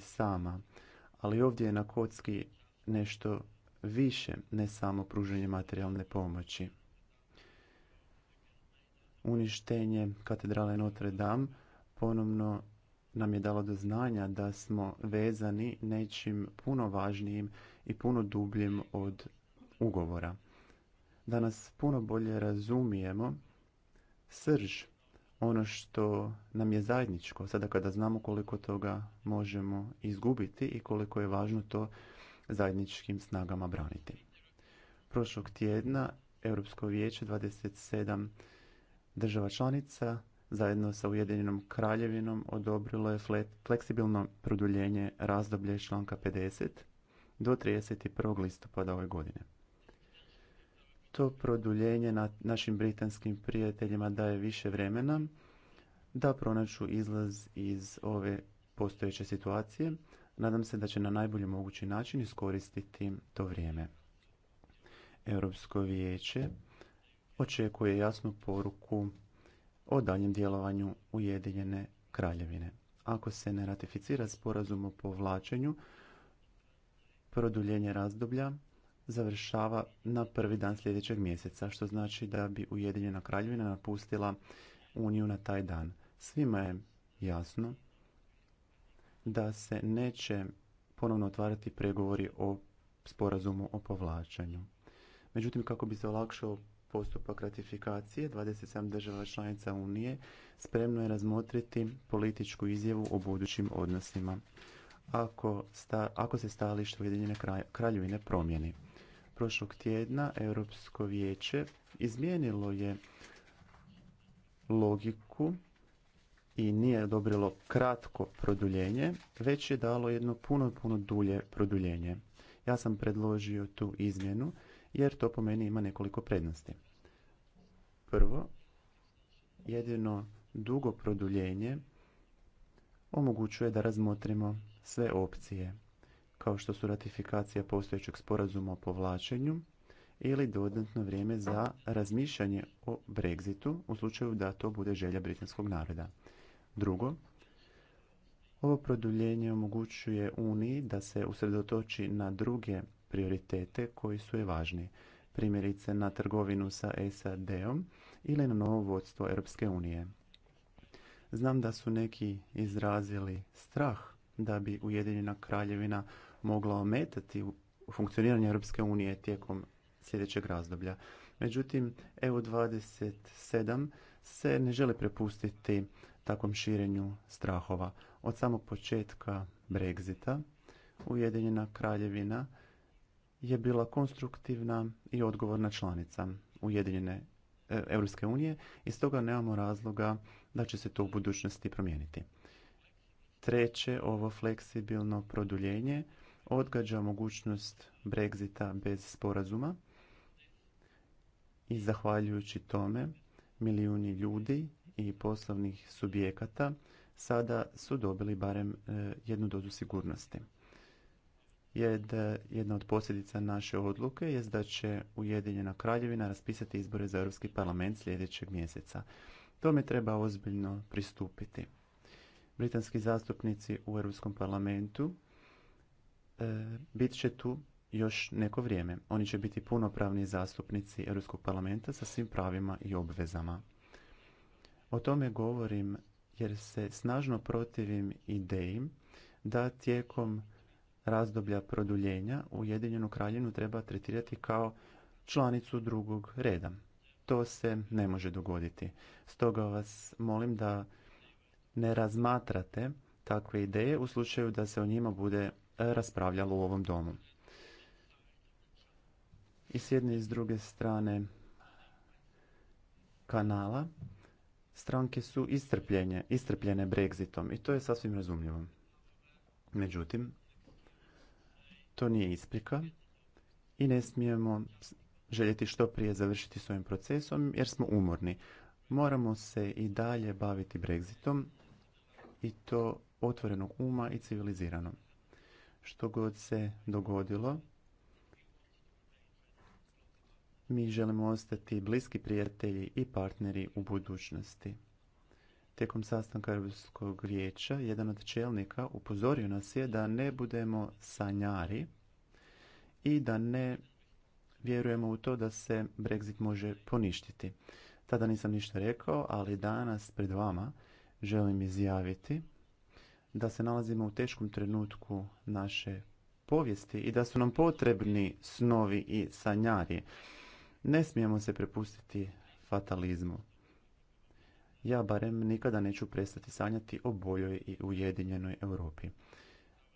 sama. Ali ovdje je na kocki nešto više, ne samo pružanje materijalne pomoći. Uništenje katedrale Notre Dame ponovno nam je dalo do znanja da smo vezani nečim puno važnijim i puno dubljim od ugovora. Danas puno bolje razumijemo srž ono što nam je zajedničko, sada kada znamo koliko toga možemo izgubiti i koliko je važno to zajedničkim snagama braniti. Prošlog tjedna Europsko vijeće 27 država članica zajedno sa Ujedinjenom kraljevinom odobrilo je fleksibilno produljenje razdoblje članka 50 do 31. listopada ove godine to produljenje našim britanskim prijateljima daje više vremena da pronađu izlaz iz ove postojeće situacije. Nadam se da će na najbolji mogući način iskoristiti to vrijeme. Europsko vijeće očekuje jasnu poruku o daljem djelovanju Ujedinjene kraljevine. Ako se ne ratificira sporazum o povlačenju, produljenje razdoblja završava na prvi dan sljedećeg mjeseca, što znači da bi Ujedinjena kraljevina napustila Uniju na taj dan. Svima je jasno da se neće ponovno otvarati pregovori o sporazumu o povlačenju. Međutim, kako bi se olakšao postupak ratifikacije, 27 država članica Unije spremno je razmotriti političku izjavu o budućim odnosima ako, ako se stajalište Ujedinjene kraljevine promijeni. Prošlog tjedna Europsko vijeće izmijenilo je logiku i nije odobrilo kratko produljenje, već je dalo jedno puno, puno dulje produljenje. Ja sam predložio tu izmjenu jer to po meni ima nekoliko prednosti. Prvo, jedino dugo produljenje omogućuje da razmotrimo sve opcije kao što su ratifikacija postojećeg sporazuma o povlačenju ili dodatno vrijeme za razmišljanje o Brexitu u slučaju da to bude želja britanskog naroda. Drugo, ovo produljenje omogućuje Uniji da se usredotoči na druge prioritete koji su je važni, primjerice na trgovinu sa SAD-om ili na novo vodstvo Europske unije. Znam da su neki izrazili strah da bi Ujedinjena kraljevina mogla ometati funkcioniranje Europske unije tijekom sljedećeg razdoblja. Međutim, EU27 se ne želi prepustiti takvom širenju strahova. Od samog početka Brexita Ujedinjena kraljevina je bila konstruktivna i odgovorna članica Ujedinjene e, Europske unije i stoga nemamo razloga da će se to u budućnosti promijeniti. Treće, ovo fleksibilno produljenje odgađa mogućnost Brexita bez sporazuma i zahvaljujući tome milijuni ljudi i poslovnih subjekata sada su dobili barem e, jednu dozu sigurnosti. Jedna od posljedica naše odluke je da će Ujedinjena kraljevina raspisati izbore za Europski parlament sljedećeg mjeseca. Tome treba ozbiljno pristupiti. Britanski zastupnici u Europskom parlamentu E, bit će tu još neko vrijeme. Oni će biti punopravni zastupnici Europskog parlamenta sa svim pravima i obvezama. O tome govorim jer se snažno protivim ideji da tijekom razdoblja produljenja Ujedinjenu kraljevinu treba tretirati kao članicu drugog reda. To se ne može dogoditi. Stoga vas molim da ne razmatrate takve ideje u slučaju da se o njima bude E, raspravljalo u ovom domu. I s jedne i s druge strane kanala stranke su istrpljene Brexitom i to je sasvim razumljivo. Međutim, to nije isprika i ne smijemo željeti što prije završiti s ovim procesom jer smo umorni. Moramo se i dalje baviti Brexitom i to otvorenog uma i civilizirano što god se dogodilo, mi želimo ostati bliski prijatelji i partneri u budućnosti. Tijekom sastanka Europskog vijeća jedan od čelnika upozorio nas je da ne budemo sanjari i da ne vjerujemo u to da se Brexit može poništiti. Tada nisam ništa rekao, ali danas pred vama želim izjaviti da se nalazimo u teškom trenutku naše povijesti i da su nam potrebni snovi i sanjari. Ne smijemo se prepustiti fatalizmu. Ja barem nikada neću prestati sanjati o boljoj i ujedinjenoj Europi.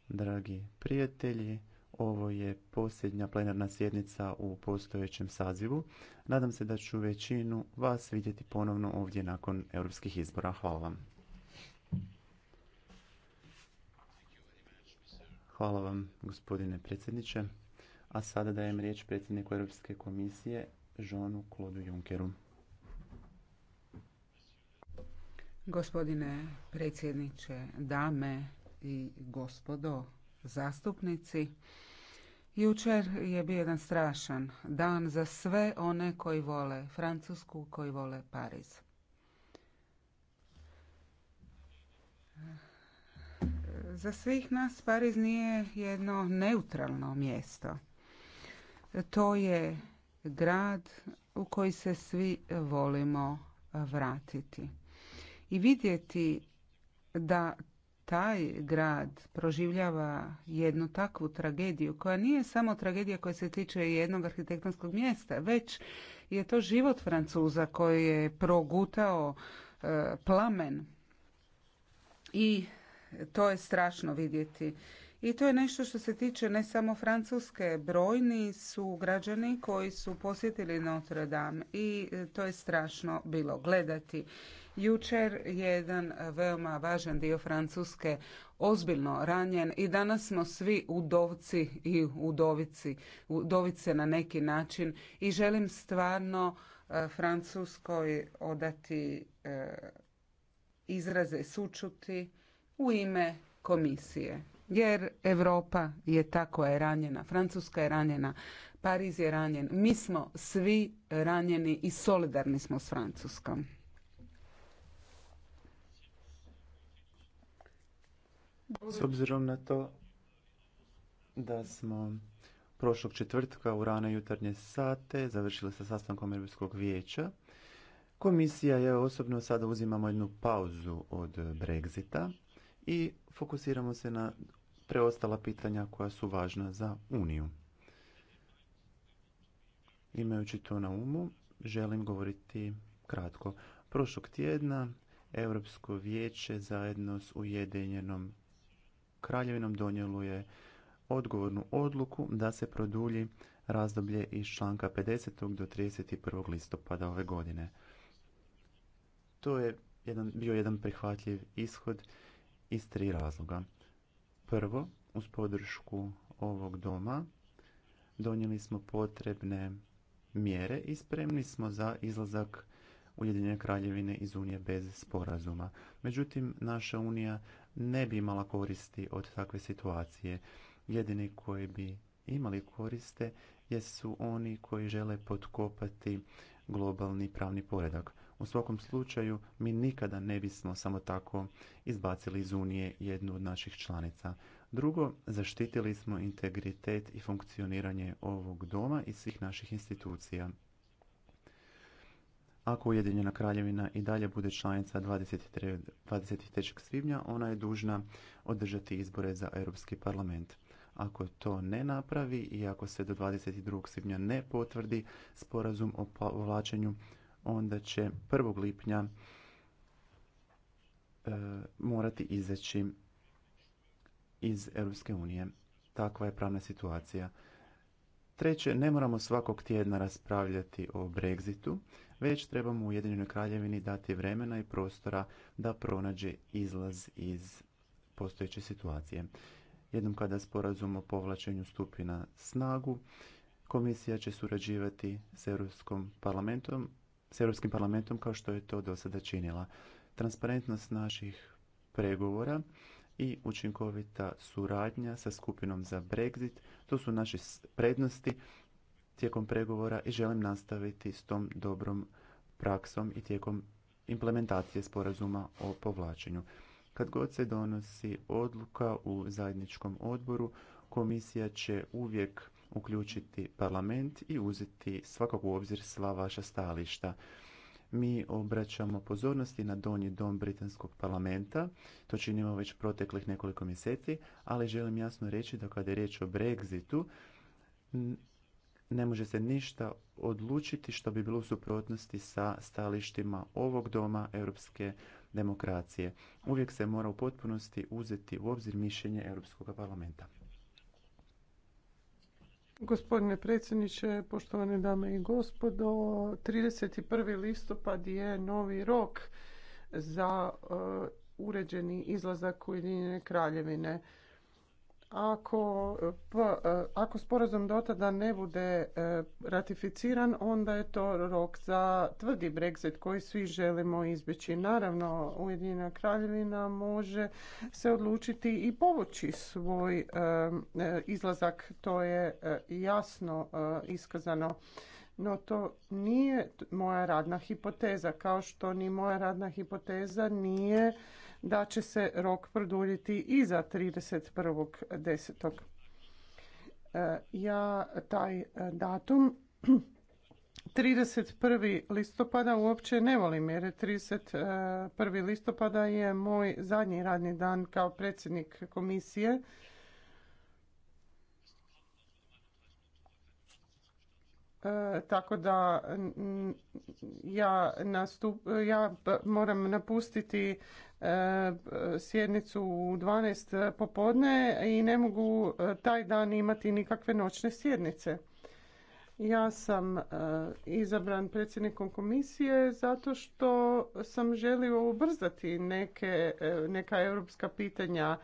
Dragi prijatelji, ovo je posljednja plenarna sjednica u postojećem sazivu. Nadam se da ću većinu vas vidjeti ponovno ovdje nakon europskih izbora. Hvala vam. Hvala vam, gospodine predsjedniče. A sada dajem riječ predsjedniku Europske komisije, Žonu Klodu Junkeru. Gospodine predsjedniče, dame i gospodo zastupnici, Jučer je bio jedan strašan dan za sve one koji vole Francusku, koji vole Pariz. Za svih nas Pariz nije jedno neutralno mjesto. To je grad u koji se svi volimo vratiti. I vidjeti da taj grad proživljava jednu takvu tragediju koja nije samo tragedija koja se tiče jednog arhitektonskog mjesta, već je to život Francuza koji je progutao e, plamen i to je strašno vidjeti. I to je nešto što se tiče ne samo Francuske. Brojni su građani koji su posjetili Notre Dame i e, to je strašno bilo gledati. Jučer je jedan veoma važan dio Francuske ozbiljno ranjen i danas smo svi udovci i udovici, udovice na neki način i želim stvarno e, Francuskoj odati e, izraze sučuti u ime komisije. Jer Europa je ta koja je ranjena, Francuska je ranjena, Pariz je ranjen. Mi smo svi ranjeni i solidarni smo s Francuskom. S obzirom na to da smo prošlog četvrtka u rane jutarnje sate završili sa sastankom Europskog vijeća, komisija je osobno sada uzimamo jednu pauzu od Brexita i fokusiramo se na preostala pitanja koja su važna za Uniju. Imajući to na umu, želim govoriti kratko. Prošlog tjedna Europsko vijeće zajedno s Ujedinjenom kraljevinom donijelo je odgovornu odluku da se produlji razdoblje iz članka 50. do 31. listopada ove godine. To je jedan, bio jedan prihvatljiv ishod iz tri razloga. Prvo, uz podršku ovog doma donijeli smo potrebne mjere i spremni smo za izlazak Ujedinjene kraljevine iz Unije bez sporazuma. Međutim, naša Unija ne bi imala koristi od takve situacije. Jedini koji bi imali koriste jesu oni koji žele potkopati globalni pravni poredak. U svakom slučaju mi nikada ne bismo samo tako izbacili iz Unije jednu od naših članica. Drugo, zaštitili smo integritet i funkcioniranje ovog doma i svih naših institucija. Ako Ujedinjena kraljevina i dalje bude članica 23. 23. svibnja, ona je dužna održati izbore za Europski parlament. Ako to ne napravi i ako se do 22. svibnja ne potvrdi sporazum o povlačenju, onda će 1. lipnja e, morati izaći iz Europske unije. Takva je pravna situacija. Treće, ne moramo svakog tjedna raspravljati o Brexitu, već trebamo Ujedinjenoj kraljevini dati vremena i prostora da pronađe izlaz iz postojeće situacije. Jednom kada sporazum o povlačenju stupi na snagu, komisija će surađivati s Europskom parlamentom s Europskim parlamentom kao što je to do sada činila. Transparentnost naših pregovora i učinkovita suradnja sa skupinom za Brexit, to su naše prednosti tijekom pregovora i želim nastaviti s tom dobrom praksom i tijekom implementacije sporazuma o povlačenju. Kad god se donosi odluka u zajedničkom odboru, komisija će uvijek uključiti parlament i uzeti svakog u obzir sva vaša stajališta. Mi obraćamo pozornosti na donji dom Britanskog parlamenta, to činimo već proteklih nekoliko mjeseci, ali želim jasno reći da kada je riječ o Brexitu, ne može se ništa odlučiti što bi bilo u suprotnosti sa stalištima ovog doma europske demokracije. Uvijek se mora u potpunosti uzeti u obzir mišljenje Europskog parlamenta. Gospodine predsjedniče, poštovane dame i gospodo, 31. listopad je novi rok za e, uređeni izlazak Ujedinjene kraljevine. Ako, e, ako sporazum do tada ne bude e, ratificiran, onda je to rok za tvrdi Brexit koji svi želimo izbjeći. Naravno, Ujedinjena kraljevina može se odlučiti i povući svoj e, izlazak, to je jasno iskazano. No to nije moja radna hipoteza, kao što ni moja radna hipoteza nije da će se rok produljiti i za 31.10. E, ja taj e, datum 31. listopada uopće ne volim jer 31. listopada je moj zadnji radni dan kao predsjednik komisije E, tako da ja, ja moram napustiti e, sjednicu u 12 popodne i ne mogu e, taj dan imati nikakve noćne sjednice. Ja sam izabran predsjednikom komisije zato što sam želio ubrzati neke, neka europska pitanja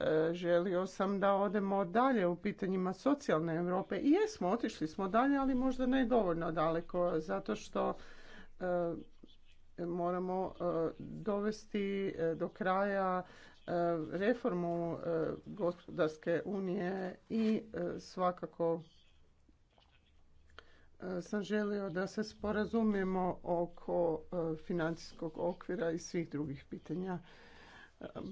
E, želio sam da odemo dalje u pitanjima socijalne Europe. I jesmo, otišli smo dalje, ali možda ne dovoljno daleko, zato što e, moramo e, dovesti do kraja reformu gospodarske unije i svakako sam želio da se sporazumijemo oko financijskog okvira i svih drugih pitanja.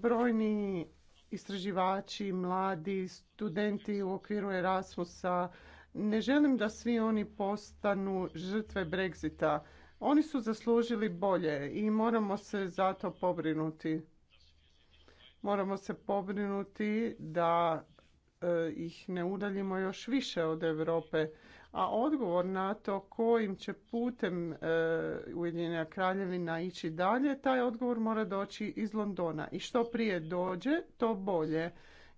Brojni istraživači, mladi, studenti u okviru Erasmusa. Ne želim da svi oni postanu žrtve Brexita. Oni su zaslužili bolje i moramo se to pobrinuti. Moramo se pobrinuti da e, ih ne udaljimo još više od Europe a odgovor na to kojim će putem e, Ujedinjena kraljevina ići dalje, taj odgovor mora doći iz Londona. I što prije dođe, to bolje.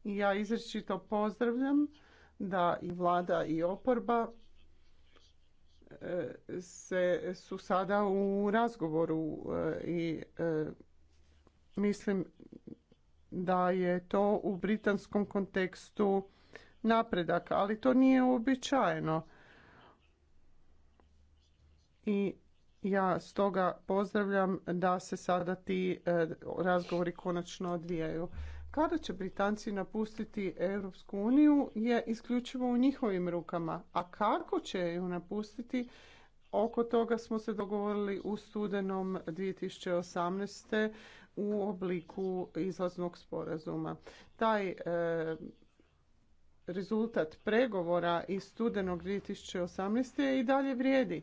I ja izrečito pozdravljam da i vlada i oporba e, se su sada u razgovoru e, i mislim da je to u britanskom kontekstu napredak, ali to nije uobičajeno i ja stoga pozdravljam da se sada ti e, razgovori konačno odvijaju. Kada će Britanci napustiti Europsku uniju je isključivo u njihovim rukama, a kako će ju napustiti Oko toga smo se dogovorili u studenom 2018. u obliku izlaznog sporazuma. Taj e, rezultat pregovora iz studenog 2018. i dalje vrijedi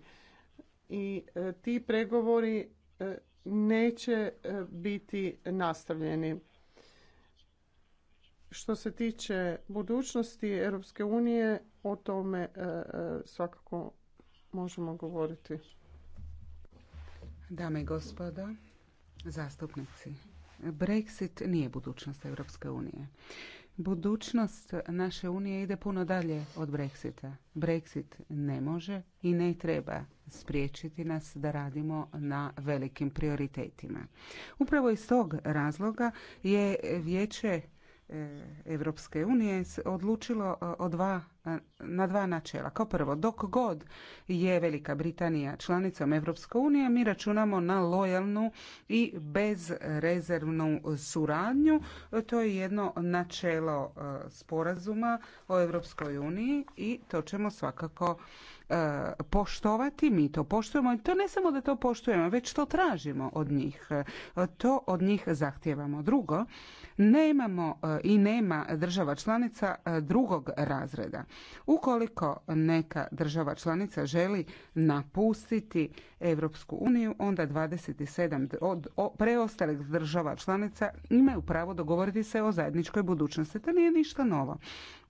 i e, ti pregovori e, neće e, biti nastavljeni. Što se tiče budućnosti Europske unije, o tome svakako možemo govoriti. Dame i gospoda, zastupnici, Brexit nije budućnost Europske unije. Budućnost naše unije ide puno dalje od Brexita. Brexit ne može i ne treba spriječiti nas da radimo na velikim prioritetima. Upravo iz tog razloga je vijeće Europske unije odlučilo e, o dva, e, na dva načela. Kao prvo, dok god je Velika Britanija članicom Evropske unije, mi računamo na lojalnu i bezrezervnu suradnju. To je jedno načelo e, sporazuma o Europskoj uniji i to ćemo svakako E, poštovati, mi to poštujemo i to ne samo da to poštujemo, već to tražimo od njih. E, to od njih zahtijevamo. Drugo, nemamo e, i nema država članica drugog razreda. Ukoliko neka država članica želi napustiti Europsku uniju, onda 27 od preostalih država članica imaju pravo dogovoriti se o zajedničkoj budućnosti. To nije ništa novo.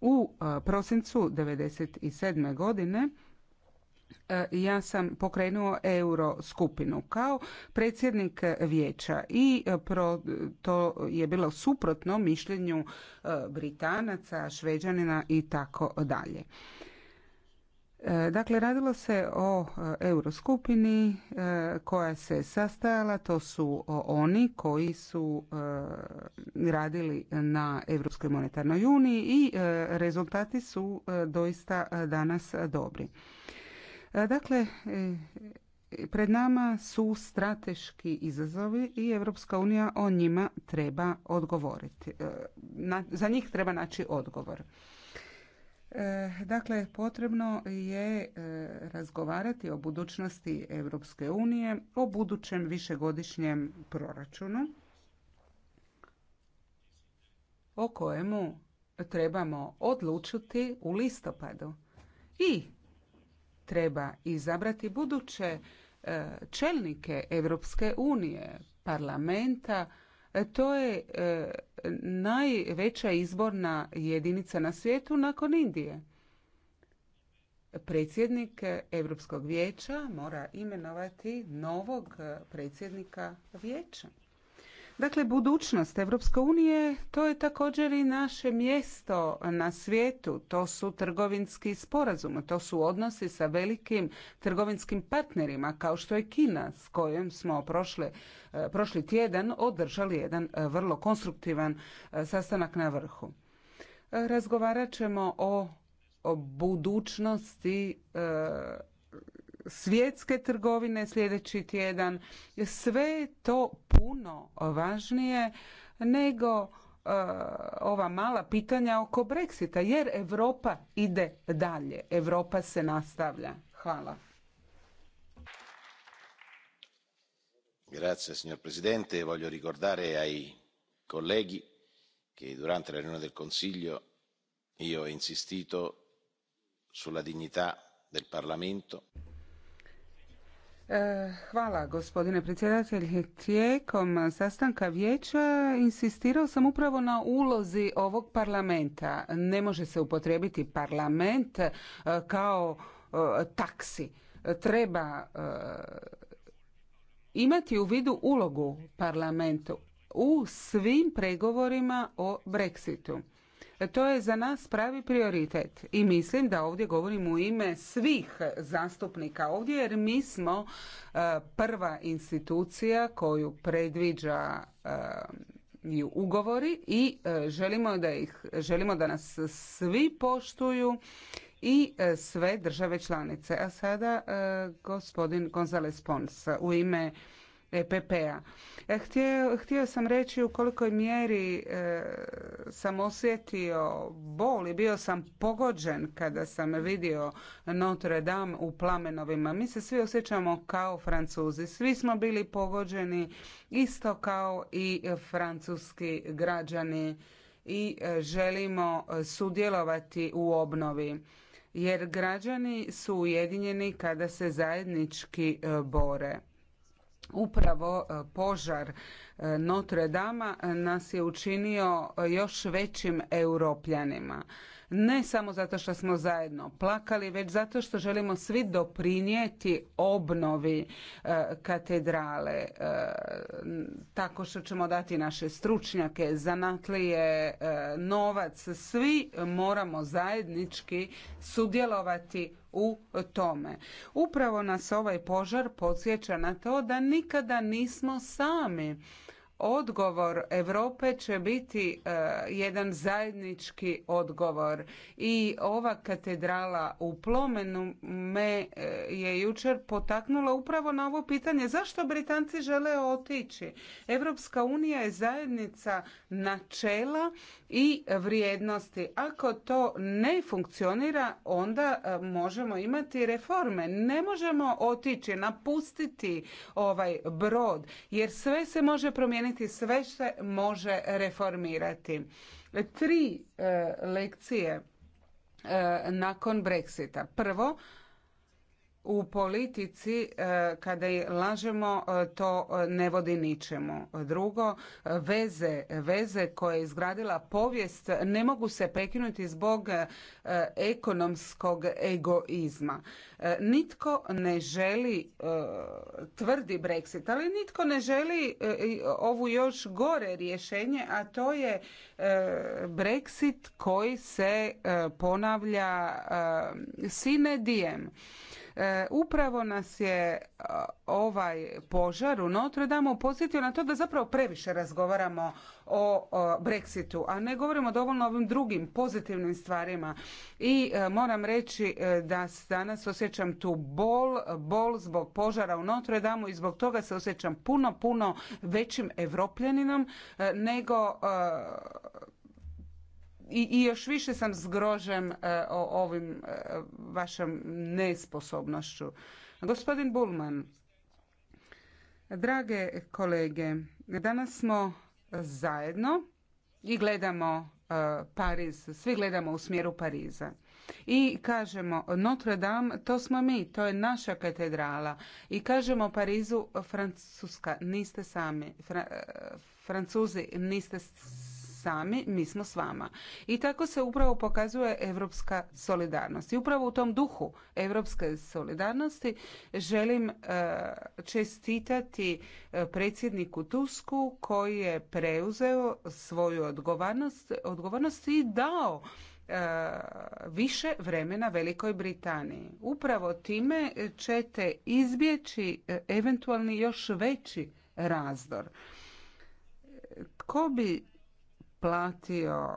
U prosincu 1997. godine E, ja sam pokrenuo euro skupinu kao predsjednik vijeća i e, to je bilo suprotno mišljenju e, Britanaca, Šveđanina i tako dalje. Dakle, radilo se o euroskupini koja se sastajala, to su oni koji su radili na Europskoj monetarnoj uniji i rezultati su doista danas dobri. E, dakle, e, pred nama su strateški izazovi i Europska unija o njima treba odgovoriti. E, za njih treba naći odgovor. Dakle, potrebno je razgovarati o budućnosti Europske unije, o budućem višegodišnjem proračunu, o kojemu trebamo odlučiti u listopadu. I treba izabrati buduće e, čelnike Europske unije, parlamenta, e, to je e, najveća izborna jedinica na svijetu nakon Indije. Predsjednik Europskog vijeća mora imenovati novog predsjednika vijeća. Dakle, budućnost Evropske unije to je također i naše mjesto na svijetu. To su trgovinski sporazumi, to su odnosi sa velikim trgovinskim partnerima kao što je Kina s kojom smo prošle, e, prošli tjedan održali jedan e, vrlo konstruktivan e, sastanak na vrhu. Razgovarat ćemo o, o budućnosti svjetske trgovine sljedeći tjedan. Sve je to puno važnije nego e, ova mala pitanja oko Brexita, jer Europa ide dalje. Europa se nastavlja. Hvala. Grazie, signor Presidente. Voglio ricordare ai colleghi che durante la riunione del Consiglio io ho insistito sulla dignità del Parlamento. E, hvala gospodine predsjedatelj. Tijekom sastanka vijeća insistirao sam upravo na ulozi ovog parlamenta. Ne može se upotrijebiti parlament e, kao e, taksi. Treba imati u vidu ulogu parlamentu u svim pregovorima o Brexitu. To je za nas pravi prioritet i mislim da ovdje govorim u ime svih zastupnika ovdje jer mi smo e, prva institucija koju predviđa e, ugovori i e, želimo da ih želimo da nas svi poštuju i sve države članice. A sada gospodin Gonzales Pons u ime EPP-a. E, htio, htio sam reći u kolikoj mjeri e, sam osjetio bol i bio sam pogođen kada sam vidio Notre Dame u plamenovima. Mi se svi osjećamo kao Francuzi. Svi smo bili pogođeni isto kao i francuski građani i e, želimo sudjelovati u obnovi jer građani su ujedinjeni kada se zajednički bore. Upravo e, požar e, Notre dame nas je učinio još većim europljanima ne samo zato što smo zajedno plakali, već zato što želimo svi doprinijeti obnovi e, katedrale e, tako što ćemo dati naše stručnjake, zanatlije, e, novac, svi moramo zajednički sudjelovati u tome. Upravo nas ovaj požar podsjeća na to da nikada nismo sami odgovor Europe će biti e, jedan zajednički odgovor i ova katedrala u Plomenu me e, je jučer potaknula upravo na ovo pitanje zašto Britanci žele otići. Europska unija je zajednica načela i vrijednosti. Ako to ne funkcionira, onda e, možemo imati reforme. Ne možemo otići, napustiti ovaj brod, jer sve se može promijeniti, sve se može reformirati. Tri e, lekcije e, nakon Brexita. Prvo, u politici e, kada je lažemo e, to e, ne vodi ničemu. Drugo, veze, veze koje je izgradila povijest ne mogu se prekinuti zbog ekonomskog egoizma. Nitko ne želi tvrdi Brexit, ali nitko ne želi ovu još gore rješenje, a to je Brexit koji se ponavlja sine diem. E, upravo nas je e, ovaj požar u Notre Dame posjetio na to da zapravo previše razgovaramo o Brexitu, a ne govorimo dovoljno o ovim drugim pozitivnim stvarima. I e, moram reći da danas osjećam tu bol, bol zbog požara u Notre Dame i zbog toga se osjećam puno, puno većim evropljaninom nego i, i još više sam zgrožen e, o ovim e, vašom nesposobnošću. Gospodin Bulman, drage kolege, danas smo zajedno i gledamo e, Pariz, svi gledamo u smjeru Pariza. I kažemo Notre Dame, to smo mi, to je naša katedrala. I kažemo Parizu, Francuska, niste sami. Francuzi, niste sami, mi smo s vama. I tako se upravo pokazuje europska solidarnost. I upravo u tom duhu europske solidarnosti želim e, čestitati e, predsjedniku Tusku koji je preuzeo svoju odgovornost, odgovornost i dao e, više vremena Velikoj Britaniji. Upravo time ćete izbjeći eventualni još veći razdor. Tko bi platio e,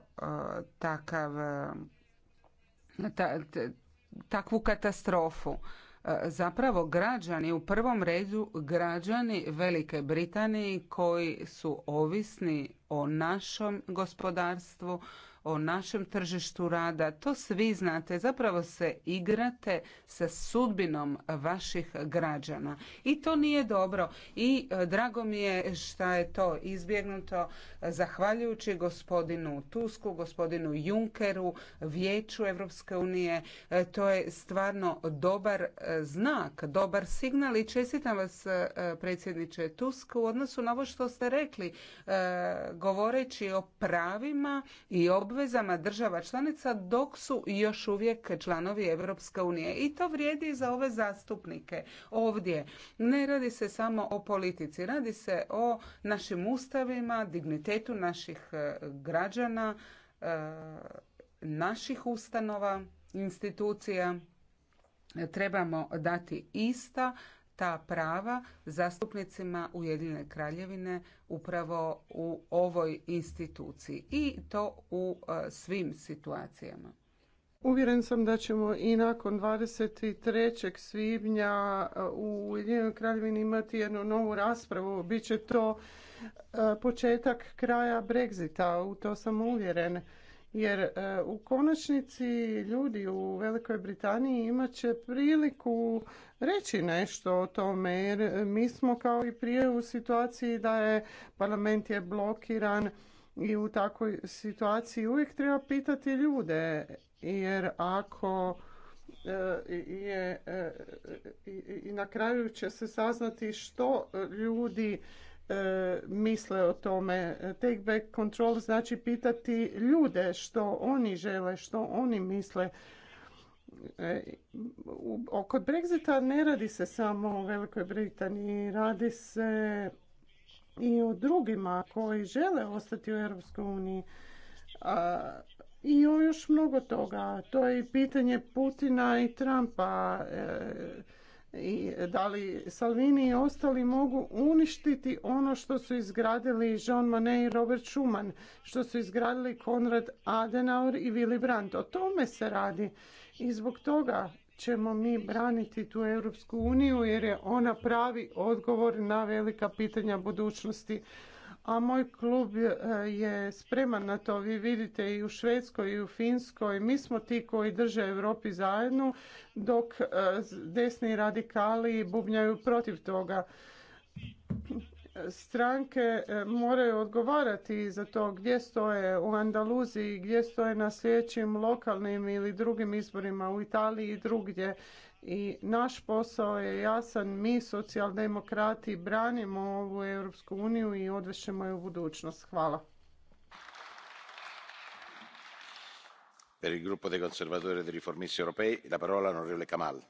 takav e, takvu katastrofu e, zapravo građani u prvom redu građani Velike Britanije koji su ovisni o našem gospodarstvu o našem tržištu rada. To svi znate. Zapravo se igrate sa sudbinom vaših građana. I to nije dobro. I e, drago mi je što je to izbjegnuto zahvaljujući gospodinu Tusku, gospodinu Junkeru, Vijeću Europske unije. E, to je stvarno dobar e, znak, dobar signal i čestitam vas predsjedniče Tusk u odnosu na ovo što ste rekli govoreći o pravima i o obvezama država članica dok su još uvijek članovi Europske unije. I to vrijedi za ove zastupnike ovdje. Ne radi se samo o politici, radi se o našim ustavima, dignitetu naših e, građana, e, naših ustanova, institucija trebamo dati ista ta prava zastupnicima Ujedinjene kraljevine upravo u ovoj instituciji i to u e, svim situacijama. Uvjeren sam da ćemo i nakon 23. svibnja e, u Ujedinjenoj kraljevini imati jednu novu raspravu. Biće to e, početak kraja Brexita, u to sam uvjeren jer e, u konačnici ljudi u Velikoj Britaniji imat će priliku reći nešto o tome jer mi smo kao i prije u situaciji da je parlament je blokiran i u takvoj situaciji uvijek treba pitati ljude jer ako e, je e, i na kraju će se saznati što ljudi misle o tome. Take back control znači pitati ljude što oni žele, što oni misle. E, Kod Brexita ne radi se samo o Velikoj Britaniji, radi se i o drugima koji žele ostati u Europskoj uniji. I o još mnogo toga. To je i pitanje Putina i Trumpa. E, i da li Salvini i ostali mogu uništiti ono što su izgradili Jean Monnet i Robert Schuman, što su izgradili Konrad Adenauer i Willy Brandt. O tome se radi i zbog toga ćemo mi braniti tu Europsku uniju jer je ona pravi odgovor na velika pitanja budućnosti a moj klub je spreman na to. Vi vidite i u Švedskoj i u Finskoj. Mi smo ti koji drže Europi zajedno dok e, desni radikali bubnjaju protiv toga. Stranke e, moraju odgovarati za to gdje stoje u Andaluziji, gdje stoje na sljedećim lokalnim ili drugim izborima u Italiji i drugdje i naš posao je jasan. Mi socijaldemokrati branimo ovu Europsku uniju i odvešemo je u budućnost. Hvala. Per il gruppo dei conservatori e dei riformisti europei la parola all'onorevole Kamal.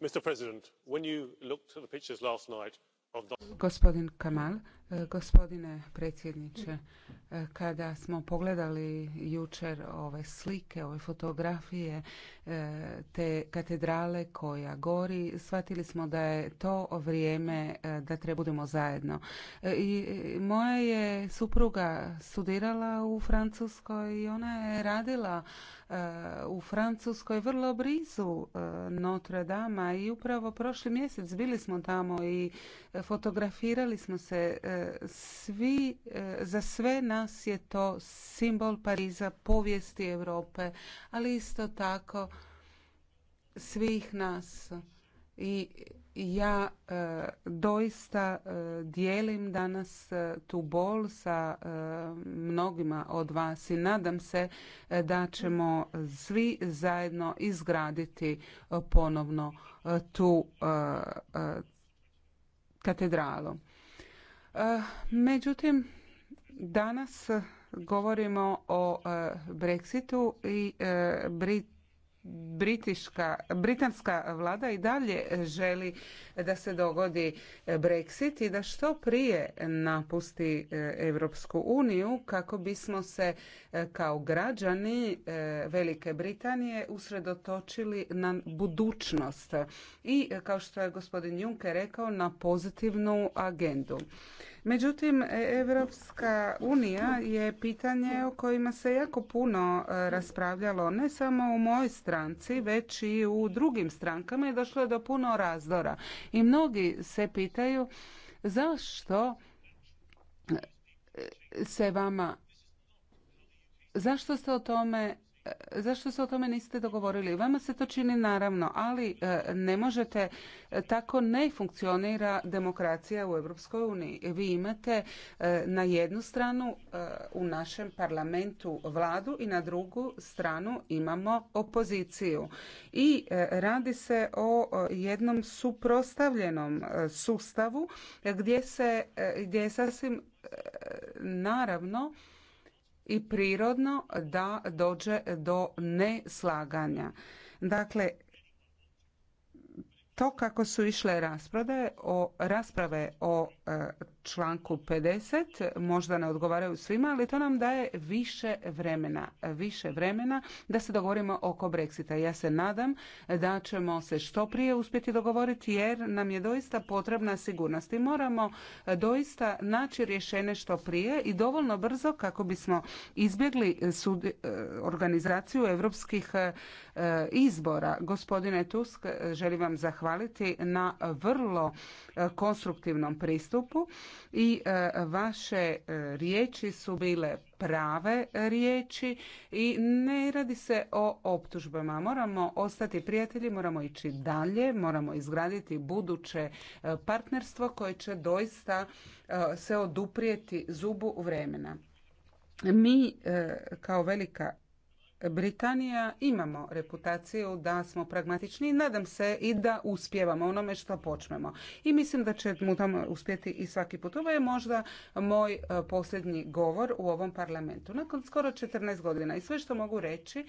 Mr. President, when you looked at the pictures last night Gospodin Kamal, E, gospodine predsjedniče, e, kada smo pogledali jučer ove slike, ove fotografije e, te katedrale koja gori, shvatili smo da je to vrijeme da treba zajedno. I moja je supruga studirala u Francuskoj i ona je radila u Francuskoj vrlo brizu Notre Dame i upravo prošli mjesec bili smo tamo i fotografirali smo se svi, eh, za sve nas je to simbol Pariza, povijesti Europe, ali isto tako svih nas. I ja eh, doista eh, dijelim danas tu bol sa mnogima od vas i nadam se da ćemo svi zajedno izgraditi ponovno tu katedralu. Međutim, danas govorimo o e, Brexitu i e, Brit Britiška, britanska vlada i dalje želi da se dogodi Brexit i da što prije napusti Europsku uniju kako bismo se e, kao građani e, Velike Britanije usredotočili na budućnost i e, kao što je gospodin Juncker rekao na pozitivnu agendu. Međutim, e, Evropska unija je pitanje o kojima se jako puno e, raspravljalo, ne samo u mojoj stranci, već i u drugim strankama Je došlo je do puno razdora. I mnogi se pitaju zašto e, se vama Zašto ste o tome zašto se o tome niste dogovorili? Vama se to čini naravno, ali e, ne možete, e, tako ne funkcionira demokracija u EU. Vi imate e, na jednu stranu u našem parlamentu vladu i na drugu stranu imamo opoziciju. I radi se o jednom suprostavljenom sustavu gdje se gdje je sasvim naravno i prirodno da dođe do neslaganja. Dakle, to kako su išle rasprave o, rasprave o članku 50, možda ne odgovaraju svima, ali to nam daje više vremena, više vremena da se dogovorimo oko Brexita. Ja se nadam da ćemo se što prije uspjeti dogovoriti jer nam je doista potrebna sigurnost i moramo e, doista naći rješenje što prije i dovoljno brzo kako bismo izbjegli sud, e, organizaciju europskih e, izbora. Gospodine Tusk, želim vam zahvaliti na vrlo konstruktivnom pristupu pristupu i e, vaše e, riječi su bile prave riječi i ne radi se o optužbama. Moramo ostati prijatelji, moramo ići dalje, moramo izgraditi buduće e, partnerstvo koje će doista se oduprijeti zubu vremena. Mi kao velika Britanija imamo reputaciju da smo pragmatični i nadam se i da uspjevamo onome što počnemo. I mislim da ćemo tamo uspjeti i svaki put. Ovo je možda moj e, posljednji govor u ovom parlamentu. Nakon skoro 14 godina i sve što mogu reći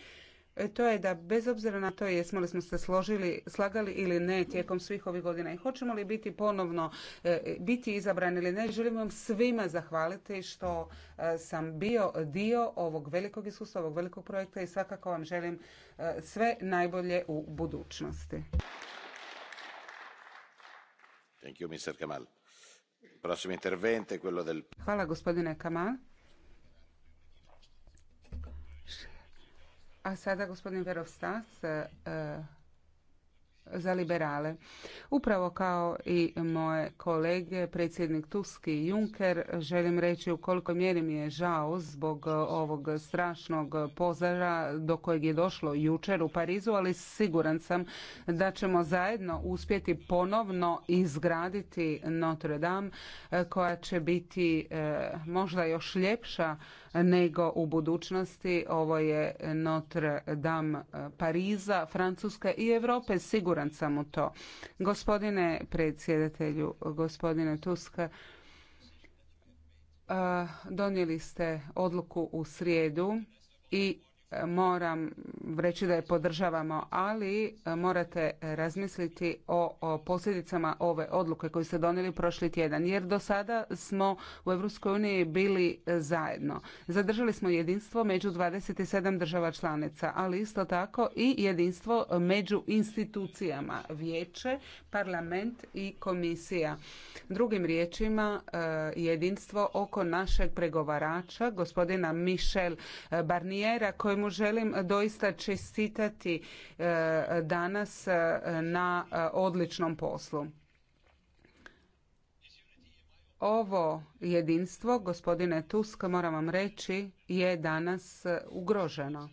E, to je da bez obzira na to jesmo li smo se složili, slagali ili ne tijekom svih ovih godina i hoćemo li biti ponovno e, biti izabrani ili ne, želim vam svima zahvaliti što e, sam bio dio ovog velikog iskustva, ovog velikog projekta i svakako vam želim sve najbolje u budućnosti. Hvala gospodine Kamal. A sada gospodin Verov Stas eh, eh, za liberale. Upravo kao i moje kolege, predsjednik Tuski i Juncker, želim reći u koliko mjeri mi je žao zbog e, ovog strašnog pozara do kojeg je došlo jučer u Parizu, ali siguran sam da ćemo zajedno uspjeti ponovno izgraditi Notre Dame e, koja će biti e, možda još ljepša nego u budućnosti. Ovo je Notre Dame Pariza, Francuske i Europe. Siguran siguran sam to. Gospodine predsjedatelju, gospodine Tuska, eh, donijeli ste odluku u srijedu i moram reći da je podržavamo, ali e, morate razmisliti o, o posljedicama ove odluke koju ste donijeli prošli tjedan, jer do sada smo u Europskoj uniji bili e, zajedno. Zadržali smo jedinstvo među 27 država članica, ali isto tako i jedinstvo među institucijama, vijeće, parlament i komisija. Drugim riječima, e, jedinstvo oko našeg pregovarača, gospodina Michel barniera koji mu želim doista čestitati e, danas e, na e, odličnom poslu. Ovo jedinstvo, gospodine Tusk, moram vam reći, je danas ugroženo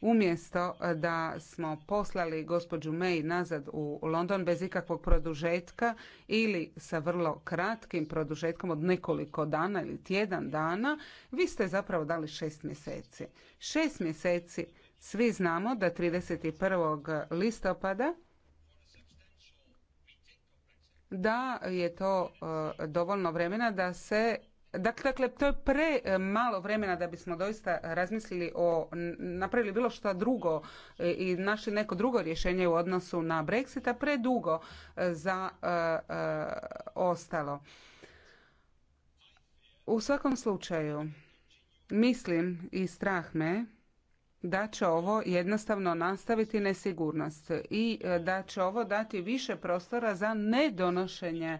umjesto e, da smo poslali gospođu May nazad u London bez ikakvog produžetka ili sa vrlo kratkim produžetkom od nekoliko dana ili tjedan dana, vi ste zapravo dali šest mjeseci. Šest mjeseci svi znamo da 31. listopada da je to e, dovoljno vremena da se Dakle, dakle, to je pre e, malo vremena da bismo doista razmislili o napravili bilo što drugo e, i našli neko drugo rješenje u odnosu na Brexita, predugo e, za ostalo. U svakom slučaju, mislim i strah me da će ovo jednostavno nastaviti nesigurnost i da će ovo dati više prostora za nedonošenje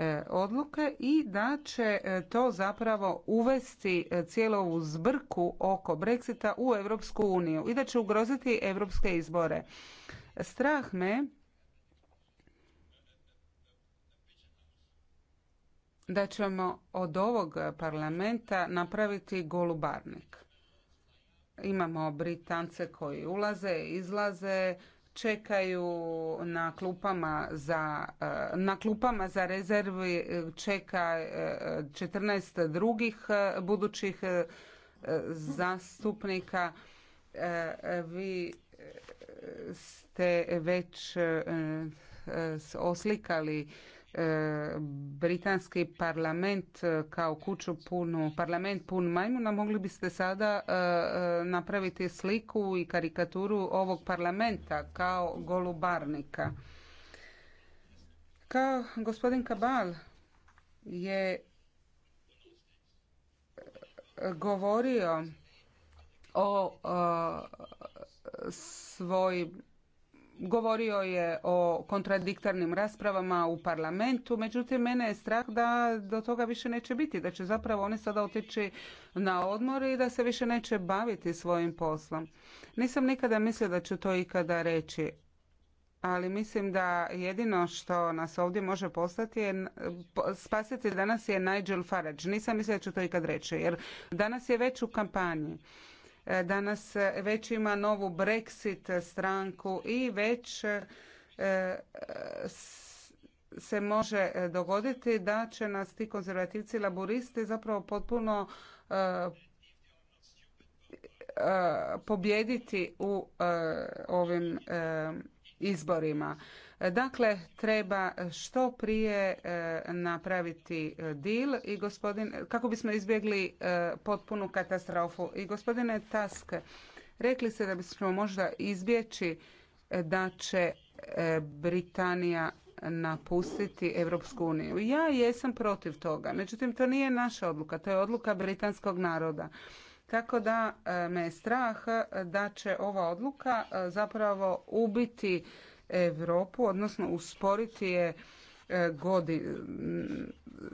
E, odluke i da će e, to zapravo uvesti e, cijelu ovu zbrku oko Brexita u Europsku uniju i da će ugroziti europske izbore. Strah me da ćemo od ovog parlamenta napraviti golubarnik. Imamo Britance koji ulaze, izlaze, čekaju na klupama za, eh, na klupama za rezervi eh, čeka 14 eh, drugih budućih zastupnika. Vi ste već oslikali E, britanski parlament e, kao kuću punu, parlament pun majmuna, mogli biste sada e, napraviti sliku i karikaturu ovog parlamenta kao golubarnika. Kao gospodin Kabal je govorio o svoj Govorio je o kontradiktarnim raspravama u parlamentu, međutim mene je strah da do toga više neće biti, da će zapravo oni sada otići na odmor i da se više neće baviti svojim poslom. Nisam nikada mislio da ću to ikada reći, ali mislim da jedino što nas ovdje može postati je, spasiti danas je Nigel Farage. Nisam mislio da ću to ikad reći, jer danas je već u kampanji. Danas već ima novu Brexit stranku i već e, se može dogoditi da će nas ti konzervativci laburisti zapravo potpuno e, e, pobijediti u ovim izborima. Dakle, treba što prije e, napraviti e, deal i gospodin, kako bismo izbjegli e, potpunu katastrofu. I gospodine Tusk, rekli ste da bismo možda izbjeći da će Britanija napustiti Europsku uniju. Ja jesam protiv toga, međutim to nije naša odluka, to je odluka britanskog naroda. Tako da e, me je strah e, da će ova odluka e, zapravo ubiti Europu, odnosno usporiti je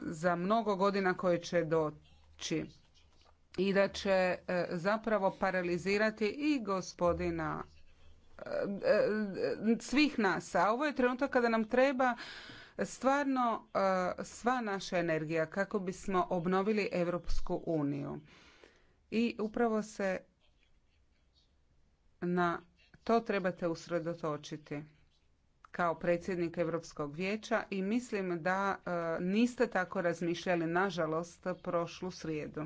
za mnogo godina koje će doći i da će zapravo paralizirati i gospodina svih nas. A ovo je trenutak kada nam treba stvarno sva naša energija kako bismo obnovili Europsku uniju i upravo se na to trebate usredotočiti kao predsjednik Europskog vijeća i mislim da e, niste tako razmišljali nažalost prošlu srijedu.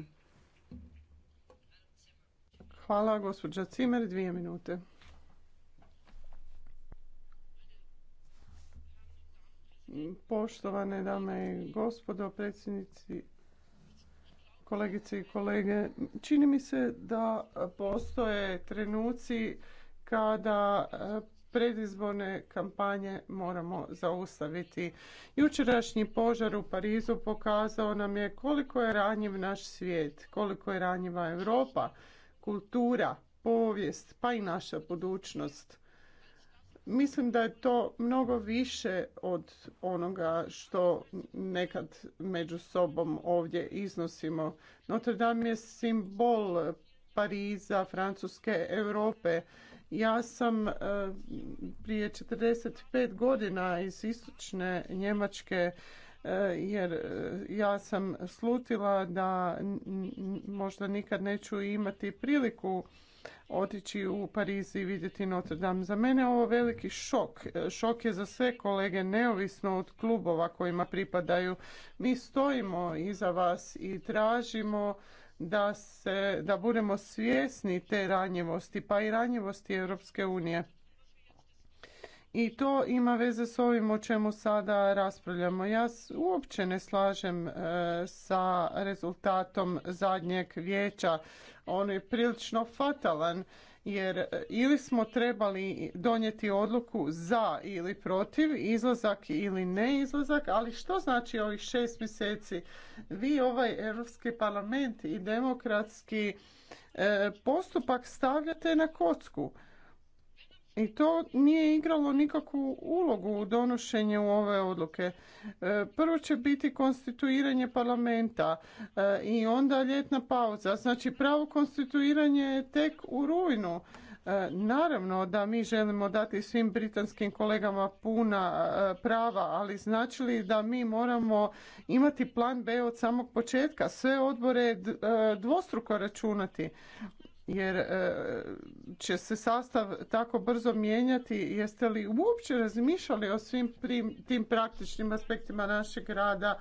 Hvala gospođa Cimer, dvije minute. Poštovane dame i gospodo, predsjednici kolegice i kolege. Čini mi se da postoje trenuci kada e, predizborne kampanje moramo zaustaviti. Jučerašnji požar u Parizu pokazao nam je koliko je ranjiv naš svijet, koliko je ranjiva Europa, kultura, povijest, pa i naša budućnost. Mislim da je to mnogo više od onoga što nekad među sobom ovdje iznosimo. Notre Dame je simbol Pariza, Francuske, Europe. Ja sam e, prije 45 godina iz istočne Njemačke e, jer e, ja sam slutila da možda nikad neću imati priliku otići u Pariz i vidjeti Notre Dame. Za mene je ovo veliki šok. Šok je za sve kolege, neovisno od klubova kojima pripadaju. Mi stojimo iza vas i tražimo da, se, da budemo svjesni te ranjivosti, pa i ranjivosti Europske unije i to ima veze s ovim o čemu sada raspravljamo. Ja uopće ne slažem e, sa rezultatom zadnjeg vijeća. On je prilično fatalan jer e, ili smo trebali donijeti odluku za ili protiv, izlazak ili ne izlazak, ali što znači ovih šest mjeseci? Vi ovaj Europski parlament i demokratski e, postupak stavljate na kocku i to nije igralo nikakvu ulogu u donošenju ove odluke. E, prvo će biti konstituiranje parlamenta e, i onda ljetna pauza. Znači pravo konstituiranje je tek u rujnu. E, naravno da mi želimo dati svim britanskim kolegama puna prava, ali znači li da mi moramo imati plan B od samog početka, sve odbore dvostruko računati jer e, će se sastav tako brzo mijenjati. Jeste li uopće razmišljali o svim tim praktičnim aspektima našeg rada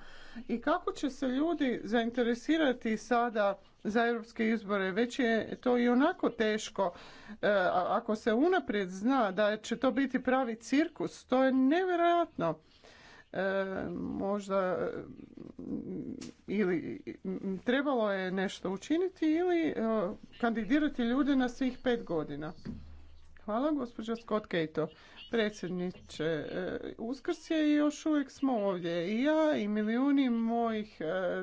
i kako će se ljudi zainteresirati sada za europske izbore? Već je to i onako teško. E, ako se unaprijed zna da će to biti pravi cirkus, to je nevjerojatno. E, možda ili trebalo je nešto učiniti ili e, kandidirati ljude na svih pet godina. Hvala, gospođa Scott Cato. Predsjedniče, e, uskrs je i još uvijek smo ovdje. I ja i milijuni mojih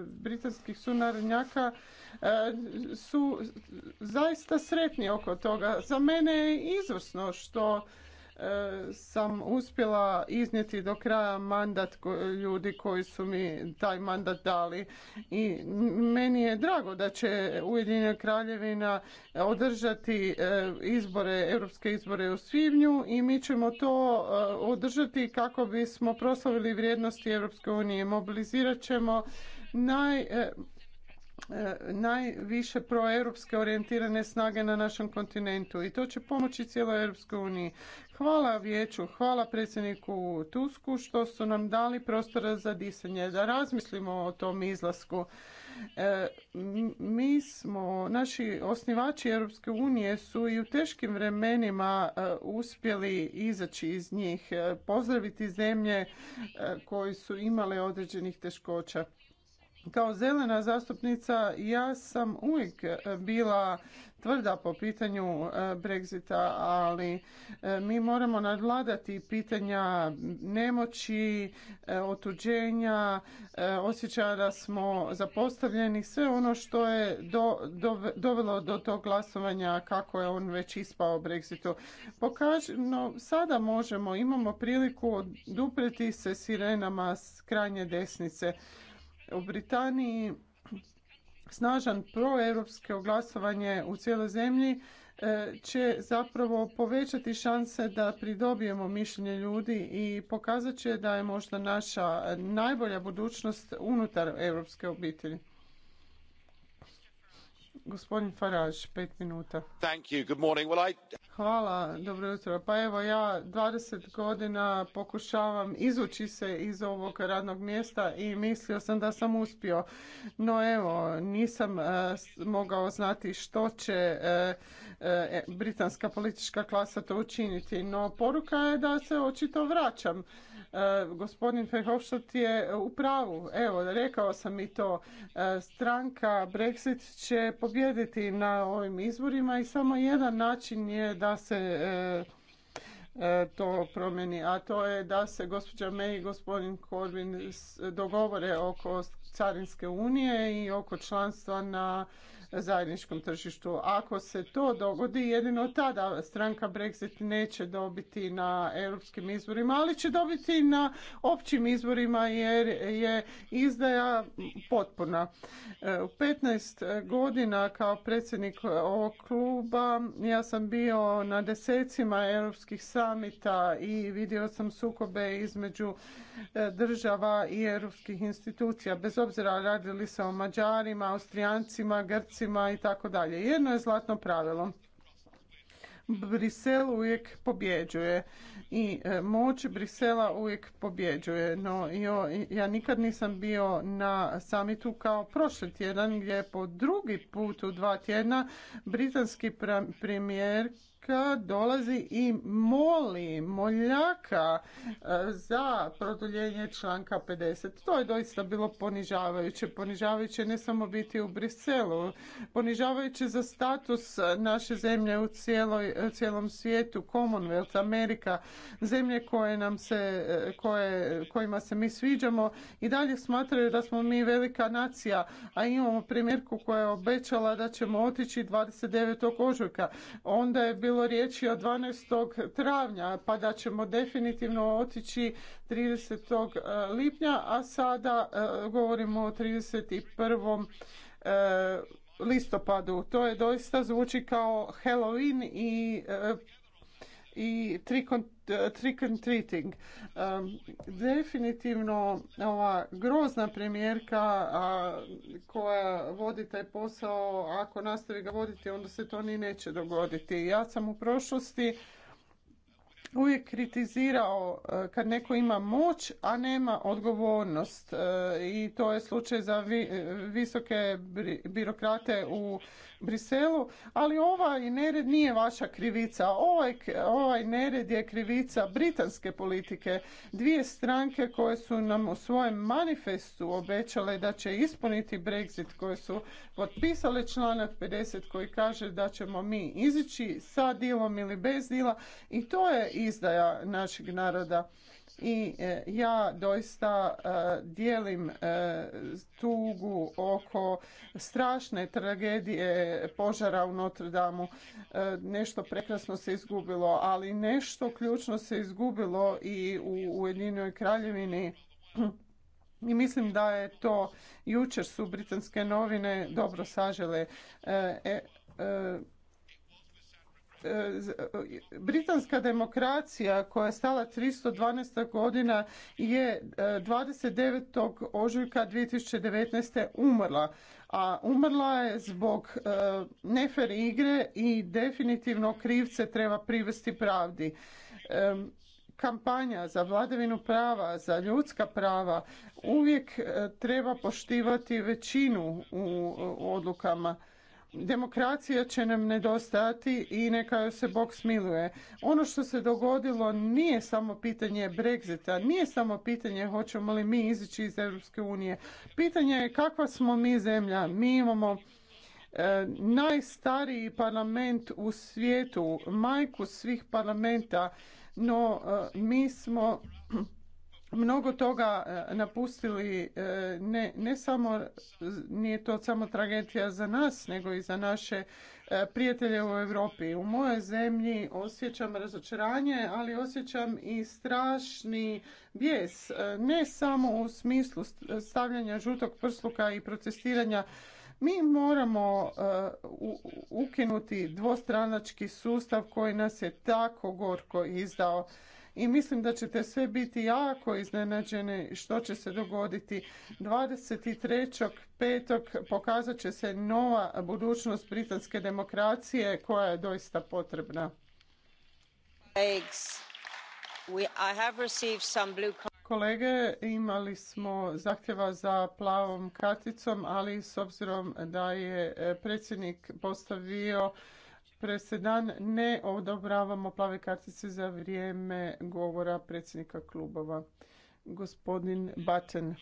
britanskih sunarodnjaka su zaista sretni oko toga. Za mene je izvrsno što sam uspjela iznijeti do kraja mandat ljudi koji su mi taj mandat dali. I meni je drago da će Ujedinjena kraljevina održati e, izbore, europske izbore u svibnju i mi ćemo to e, održati kako bismo proslavili vrijednosti Europske unije. Mobilizirat ćemo naj e, najviše proeuropske orijentirane snage na našem kontinentu i to će pomoći cijeloj Europskoj uniji. Hvala vijeću, hvala predsjedniku Tusku što su nam dali prostora za disanje, da razmislimo o tom izlasku. E, mi smo, naši osnivači Europske unije su i u teškim vremenima e, uspjeli izaći iz njih, e, pozdraviti zemlje koje su imale određenih teškoća. Kao zelena zastupnica ja sam uvijek bila tvrda po pitanju e, Brexita, ali e, mi moramo nadvladati pitanja nemoći, e, otuđenja, osjećaja da smo zapostavljeni, sve ono što je do, do, dovelo do tog glasovanja kako je on već ispao Brexitu. No, sada možemo, imamo priliku odupreti se sirenama s krajnje desnice. U Britaniji snažan proeuropsko glasovanje u cijeloj zemlji e, će zapravo povećati šanse da pridobijemo mišljenje ljudi i pokazat će da je možda naša najbolja budućnost unutar europske obitelji. Gospodin Farage, pet minuta. Hvala, dobro jutro. Pa evo ja 20 godina pokušavam izući se iz ovog radnog mjesta i mislio sam da sam uspio. No evo, nisam e, mogao znati što će e, e, britanska politička klasa to učiniti, no poruka je da se očito vraćam. Gospodin Fehofštot je u pravu. Evo, rekao sam i to. Stranka Brexit će pobjediti na ovim izborima i samo jedan način je da da se e, e, to promjeni, a to je da se gospođa May i gospodin Corbyn dogovore oko carinske unije i oko članstva na zajedničkom tržištu. Ako se to dogodi, jedino tada stranka Brexit neće dobiti na europskim izborima, ali će dobiti na općim izborima jer je izdaja potpuna. E, u 15 godina kao predsjednik ovog kluba ja sam bio na desecima europskih samita i vidio sam sukobe između e, država i europskih institucija, bez obzira radili se o Mađarima, Austrijancima, Grcima, ima i tako dalje. Jedno je zlatno pravilo. Brisel uvijek pobjeđuje i e, moć Brisela uvijek pobjeđuje. No ja nikad nisam bio na samitu kao prošli tjedan gdje po drugi put u dva tjedna britanski premijer dolazi i moli Moljaka e, za produljenje članka 50. To je doista bilo ponižavajuće. Ponižavajuće ne samo biti u Briselu, ponižavajuće za status naše zemlje u cijeloj, cijelom svijetu, Commonwealth, Amerika, zemlje koje nam se, koje, kojima se mi sviđamo i dalje smatraju da smo mi velika nacija, a imamo primjerku koja je obećala da ćemo otići 29. ožujka. Onda je bilo bilo riječi od 12. travnja, pa da ćemo definitivno otići 30. E, lipnja, a sada e, govorimo o 31. E, listopadu. To je doista zvuči kao Halloween i, i trikont trick and treating. Definitivno ova grozna premijerka koja vodi taj posao, ako nastavi ga voditi, onda se to ni neće dogoditi. Ja sam u prošlosti uvijek kritizirao e, kad neko ima moć, a nema odgovornost. E, I to je slučaj za e, visoke birokrate u Briselu. Ali ovaj nered nije vaša krivica. Ovaj, ovaj nered je krivica britanske politike. Dvije stranke koje su nam u svojem manifestu obećale da će ispuniti Brexit, koje su potpisale članak 50 koji kaže da ćemo mi izići sa dilom ili bez dila. I to je izdaja našeg naroda i e, ja doista e, dijelim e, tugu oko strašne tragedije požara u Notre Damu. Nešto prekrasno se izgubilo, ali nešto ključno se izgubilo i u Ujedinjenoj kraljevini. I mislim da je to, jučer su britanske novine dobro sažele britanska demokracija koja je stala 312. godina je 29. E, ožujka 2019. umrla. A umrla je zbog e, nefer igre i definitivno krivce treba privesti pravdi e, kampanja za vladavinu prava, za ljudska prava uvijek treba poštivati većinu u odlukama. Demokracija će nam nedostajati i neka joj se Bog smiluje. Ono što se dogodilo nije samo pitanje Brexita, nije samo pitanje hoćemo li mi izići iz Europske unije. Pitanje je kakva smo mi zemlja. Mi imamo e, najstariji parlament u svijetu, majku svih parlamenta, no e, mi smo mnogo toga e, napustili e, ne, ne samo nije to samo tragedija za nas nego i za naše e, prijatelje u Europi. U mojoj zemlji osjećam razočaranje, ali osjećam i strašni bijes, ne samo u smislu stavljanja žutog prsluka i protestiranja mi moramo ukinuti dvostranački sustav koji nas je tako gorko izdao i mislim da ćete sve biti jako iznenađeni što će se dogoditi. 23.5. pokazat će se nova budućnost britanske demokracije koja je doista potrebna. Kolege, imali smo zahtjeva za plavom karticom, ali s obzirom da je predsjednik postavio presedan ne odobravamo plave kartice za vrijeme govora predsjednika klubova. Gospodin Batten.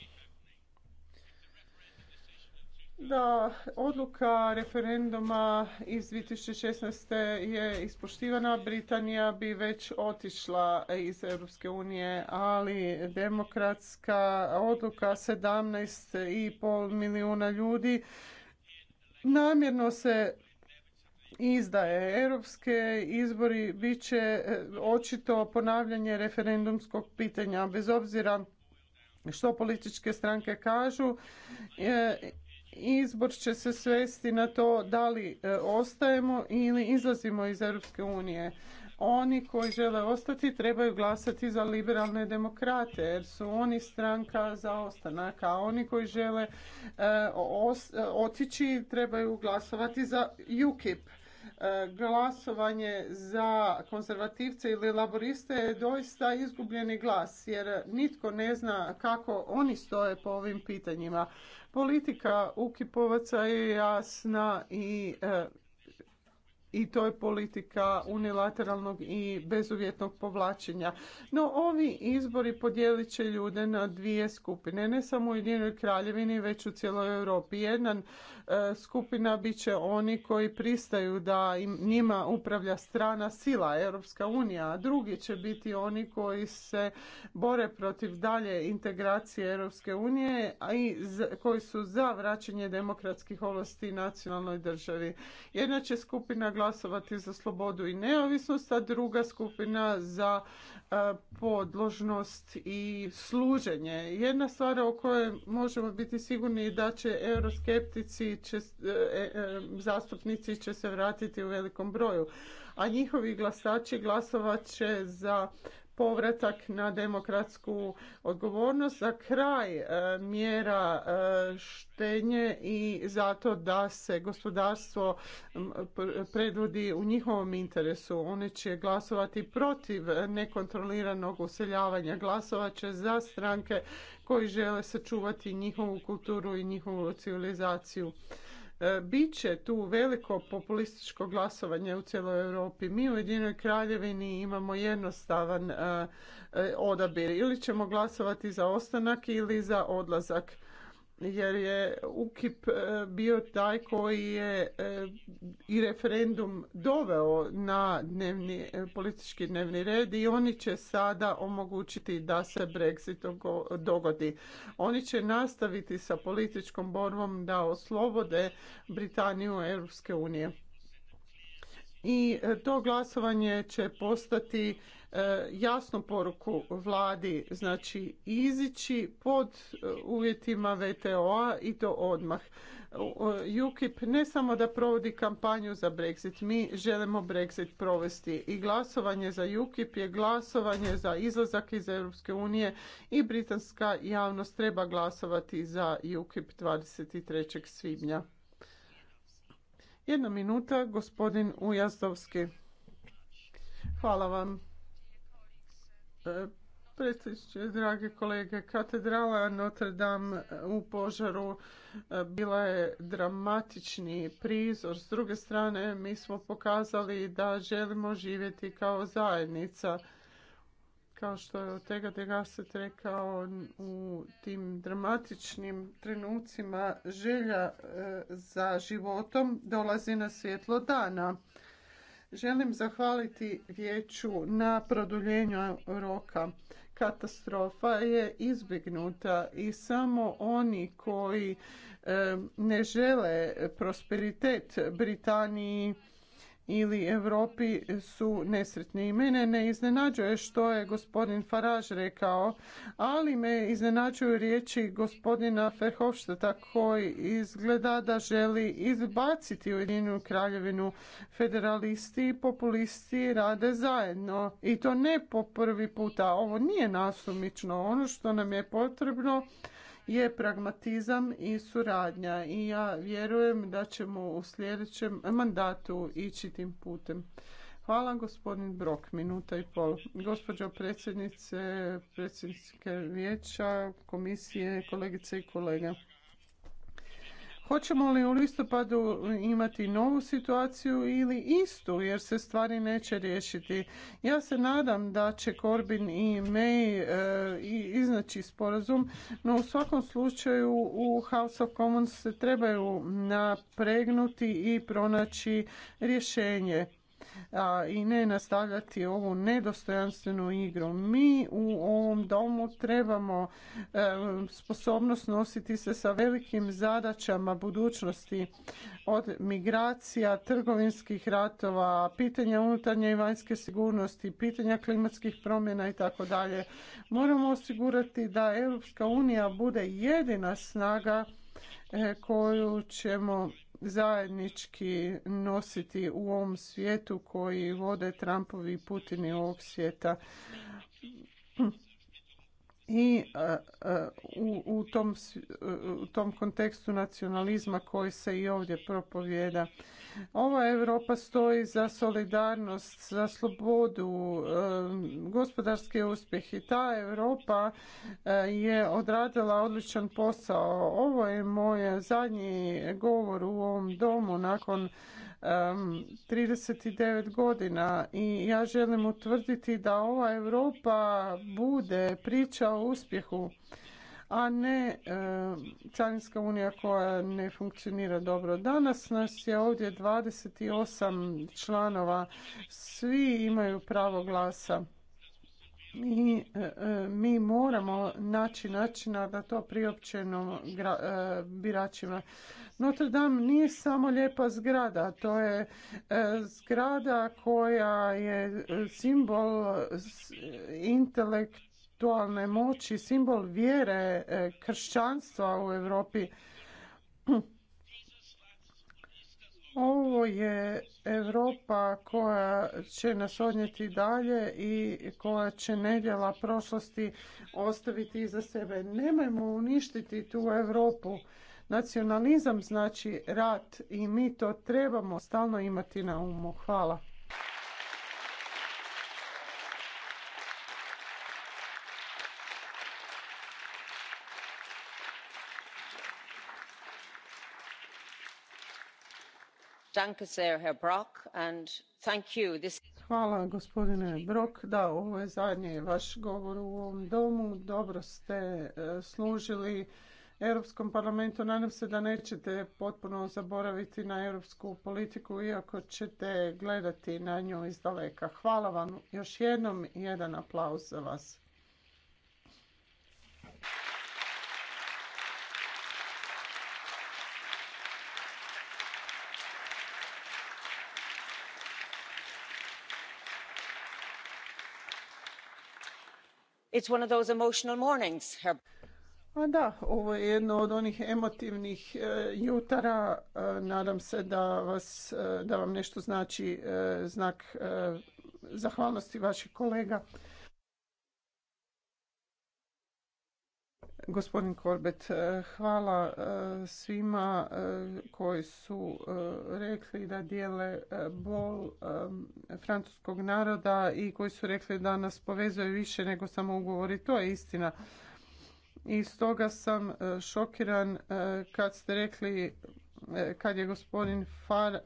Da, odluka referenduma iz 2016. je ispoštivana. Britanija bi već otišla iz Europske unije, ali demokratska odluka 17,5 milijuna ljudi namjerno se izdaje. Europske izbori bit će eh, očito ponavljanje referendumskog pitanja, bez obzira što političke stranke kažu. Eh, izbor će se svesti na to da li eh, ostajemo ili izlazimo iz Europske unije. Oni koji žele ostati trebaju glasati za liberalne demokrate jer su oni stranka za ostanak, a oni koji žele otići trebaju glasovati za UKIP. E, glasovanje za konzervativce ili laboriste je doista izgubljeni glas jer nitko ne zna kako oni stoje po ovim pitanjima. Politika ukipovaca je jasna i e, i to je politika unilateralnog i bezuvjetnog povlačenja. No, ovi izbori podijelit će ljude na dvije skupine, ne samo u Jedinoj kraljevini, već u cijeloj Europi. Jedan E, skupina bit će oni koji pristaju da njima upravlja strana sila Europska unija, a drugi će biti oni koji se bore protiv dalje integracije Europske unije a i koji su za vraćanje demokratskih ovlasti nacionalnoj državi. Jedna će skupina glasovati za slobodu i neovisnost, a druga skupina za e, podložnost i služenje. Jedna stvar o kojoj možemo biti sigurni da će euroskeptici E, e, zastupnici će se vratiti u velikom broju. A njihovi glasači glasovat će za povratak na demokratsku odgovornost za kraj e, mjera e, štenje i zato da se gospodarstvo predvodi u njihovom interesu. One će glasovati protiv nekontroliranog useljavanja, glasovat će za stranke koji žele sačuvati njihovu kulturu i njihovu civilizaciju. E, Biće tu veliko populističko glasovanje u cijeloj Europi. Mi u Jedinoj Kraljevini imamo jednostavan e, e, odabir. Ili ćemo glasovati za ostanak ili za odlazak jer je UKIP e, bio taj koji je e, i referendum doveo na dnevni, e, politički dnevni red i oni će sada omogućiti da se Brexit dogodi. Oni će nastaviti sa političkom borbom da oslobode Britaniju Europske unije. I to glasovanje će postati E, jasnu poruku vladi, znači izići pod e, uvjetima VTO-a i to odmah. E, UKIP ne samo da provodi kampanju za Brexit, mi želimo Brexit provesti i glasovanje za UKIP je glasovanje za izlazak iz Europske unije i britanska javnost treba glasovati za UKIP 23. svibnja. Jedna minuta, gospodin Ujazdovski. Hvala vam. E, predsjedniče, drage kolege, katedrala Notre Dame e, u požaru e, bila je dramatični prizor. S druge strane, mi smo pokazali da želimo živjeti kao zajednica. Kao što je Otega de Gasset rekao u tim dramatičnim trenucima želja za životom dolazi na svjetlo dana. Želim zahvaliti vijeću na produljenju roka. Katastrofa je izbjegnuta i samo oni koji eh, ne žele prosperitet Britaniji ili Europi su nesretni. I mene ne iznenađuje što je gospodin Faraž rekao, ali me iznenađuju riječi gospodina Verhofstadta koji izgleda da želi izbaciti Ujedinjenu kraljevinu. Federalisti i populisti rade zajedno i to ne po prvi puta. Ovo nije nasumično. Ono što nam je potrebno je pragmatizam i suradnja i ja vjerujem da ćemo u sljedećem mandatu ići tim putem. Hvala gospodin Brok, minuta i pol. Gospođo predsjednice, predsjednice vijeća, komisije, kolegice i kolega. Hoćemo li u listopadu imati novu situaciju ili istu jer se stvari neće riješiti? Ja se nadam da će Corbyn i May e, iznaći sporazum, no u svakom slučaju u House of Commons se trebaju napregnuti i pronaći rješenje i ne nastavljati ovu nedostojanstvenu igru. Mi u ovom domu trebamo e, sposobnost nositi se sa velikim zadaćama budućnosti od migracija, trgovinskih ratova, pitanja unutarnje i vanjske sigurnosti, pitanja klimatskih promjena i tako dalje. Moramo osigurati da Europska unija bude jedina snaga e, koju ćemo zajednički nositi u ovom svijetu koji vode Trumpovi i Putini ovog svijeta i e, e, u tom, e, u tom kontekstu nacionalizma koji se i ovdje propovjeda. Ova Europa stoji za solidarnost, za slobodu, gospodarski uspjeh i ta Europa je odradila odličan posao. Ovo je moj zadnji govor u ovom domu nakon 39 godina i ja želim utvrditi da ova Europa bude priča o uspjehu, a ne Carinska unija koja ne funkcionira dobro. Danas nas je ovdje 28 članova, svi imaju pravo glasa mi, e, e, mi moramo naći načina da to priopćeno e, biračima. Notre Dame nije samo lijepa zgrada, to je zgrada koja je simbol intelektualne moći, simbol vjere kršćanstva u Europi. Ovo je Europa koja će nas odnijeti dalje i koja će nedjela prošlosti ostaviti iza sebe. Nemojmo uništiti tu Europu. Nacionalizam znači rat i mi to trebamo stalno imati na umu. Hvala. Hvala gospodine Brok. Da, ovo je zadnji vaš govor u ovom domu. Dobro ste e, služili Europskom parlamentu. Nadam se da nećete potpuno zaboraviti na europsku politiku, iako ćete gledati na nju iz daleka. Hvala vam još jednom i jedan aplauz za vas. da, ovo je jedno od onih emotivnih e, jutara. E, nadam se da, vas, e, da vam nešto znači znak zahvalnosti vaših kolega. Gospodin Korbet, e, hvala e, svima e, koji su rekli da dijele bol francuskog naroda i koji su rekli da nas povezuje više nego samo ugovori. To je istina. I stoga sam šokiran kad ste rekli E, kad je gospodin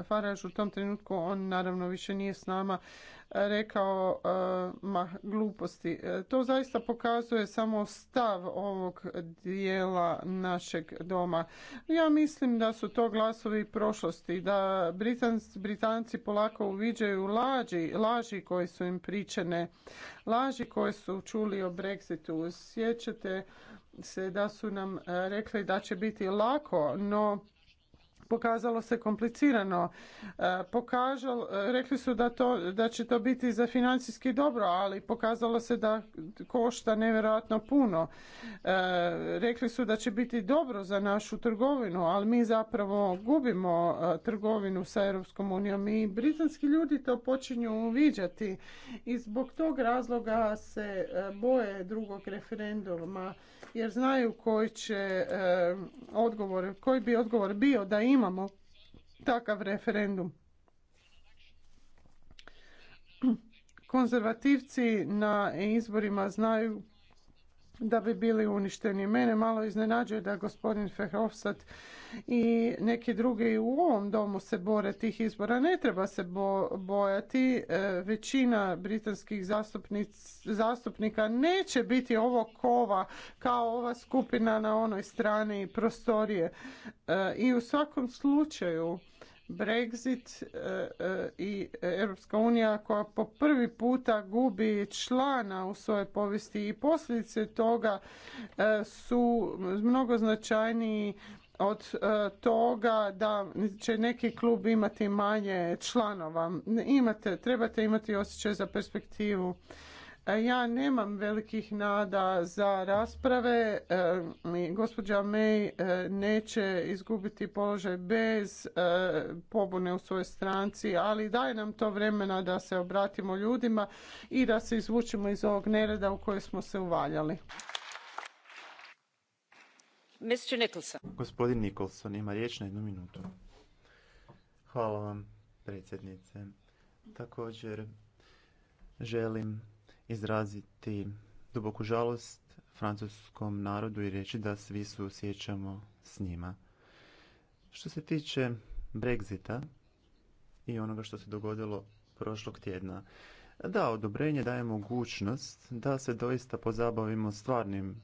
Faraž u tom trenutku, on naravno više nije s nama, e, rekao e, ma, gluposti. To zaista pokazuje samo stav ovog dijela našeg doma. Ja mislim da su to glasovi prošlosti, da Britanci, Britanci polako uviđaju laži, laži koje su im pričene, laži koje su čuli o Brexitu. Sjećate se da su nam rekli da će biti lako, no pokazalo se komplicirano. E, pokažal, e, rekli su da, to, da će to biti za financijski dobro, ali pokazalo se da košta nevjerojatno puno. E, rekli su da će biti dobro za našu trgovinu, ali mi zapravo gubimo trgovinu sa Europskom unijom i britanski ljudi to počinju uviđati i zbog tog razloga se boje drugog referenduma jer znaju koji će odgovor, koji bi odgovor bio da ima imamo takav referendum. Konzervativci na izborima znaju da bi bili uništeni. Mene malo iznenađuje da gospodin Fehovsat i neki drugi u ovom domu se bore tih izbora. Ne treba se bojati. E, većina britanskih zastupnika neće biti ovo kova kao ova skupina na onoj strani prostorije. E, I u svakom slučaju Brexit e, e, i Europska unija koja po prvi puta gubi člana u svojoj povijesti i posljedice toga e, su mnogo značajniji od toga da će neki klub imati manje članova. Imate, trebate imati osjećaj za perspektivu. Ja nemam velikih nada za rasprave. E, gospođa May e, neće izgubiti položaj bez e, pobune u svojoj stranci, ali daje nam to vremena da se obratimo ljudima i da se izvučimo iz ovog nereda u koje smo se uvaljali. Gospodin Nicholson ima riječ na jednu minutu. Hvala vam, predsjednice. Također želim izraziti duboku žalost francuskom narodu i reći da svi su osjećamo s njima. Što se tiče Brexita i onoga što se dogodilo prošlog tjedna, da, odobrenje daje mogućnost da se doista pozabavimo stvarnim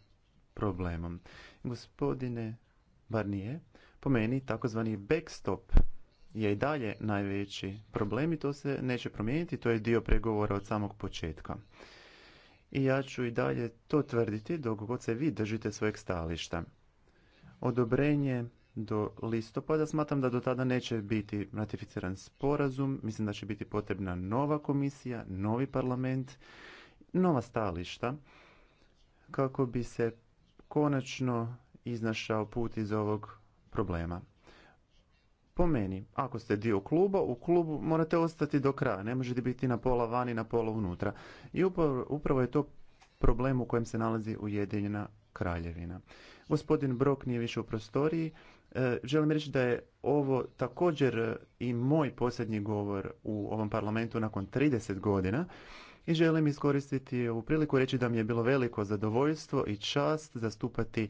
problemom. Gospodine Barnije, po meni takozvani backstop je i dalje najveći problem i to se neće promijeniti, to je dio pregovora od samog početka. I ja ću i dalje to tvrditi dok god se vi držite svojeg stališta. Odobrenje do listopada smatram da do tada neće biti ratificiran sporazum, mislim da će biti potrebna nova komisija, novi parlament, nova stališta kako bi se konačno iznašao put iz ovog problema. Po meni, ako ste dio kluba, u klubu morate ostati do kraja, ne možete biti na pola vani, na pola unutra. I upravo, je to problem u kojem se nalazi Ujedinjena kraljevina. Gospodin Brok nije više u prostoriji. E, želim reći da je ovo također i moj posljednji govor u ovom parlamentu nakon 30 godina i želim iskoristiti ovu priliku reći da mi je bilo veliko zadovoljstvo i čast zastupati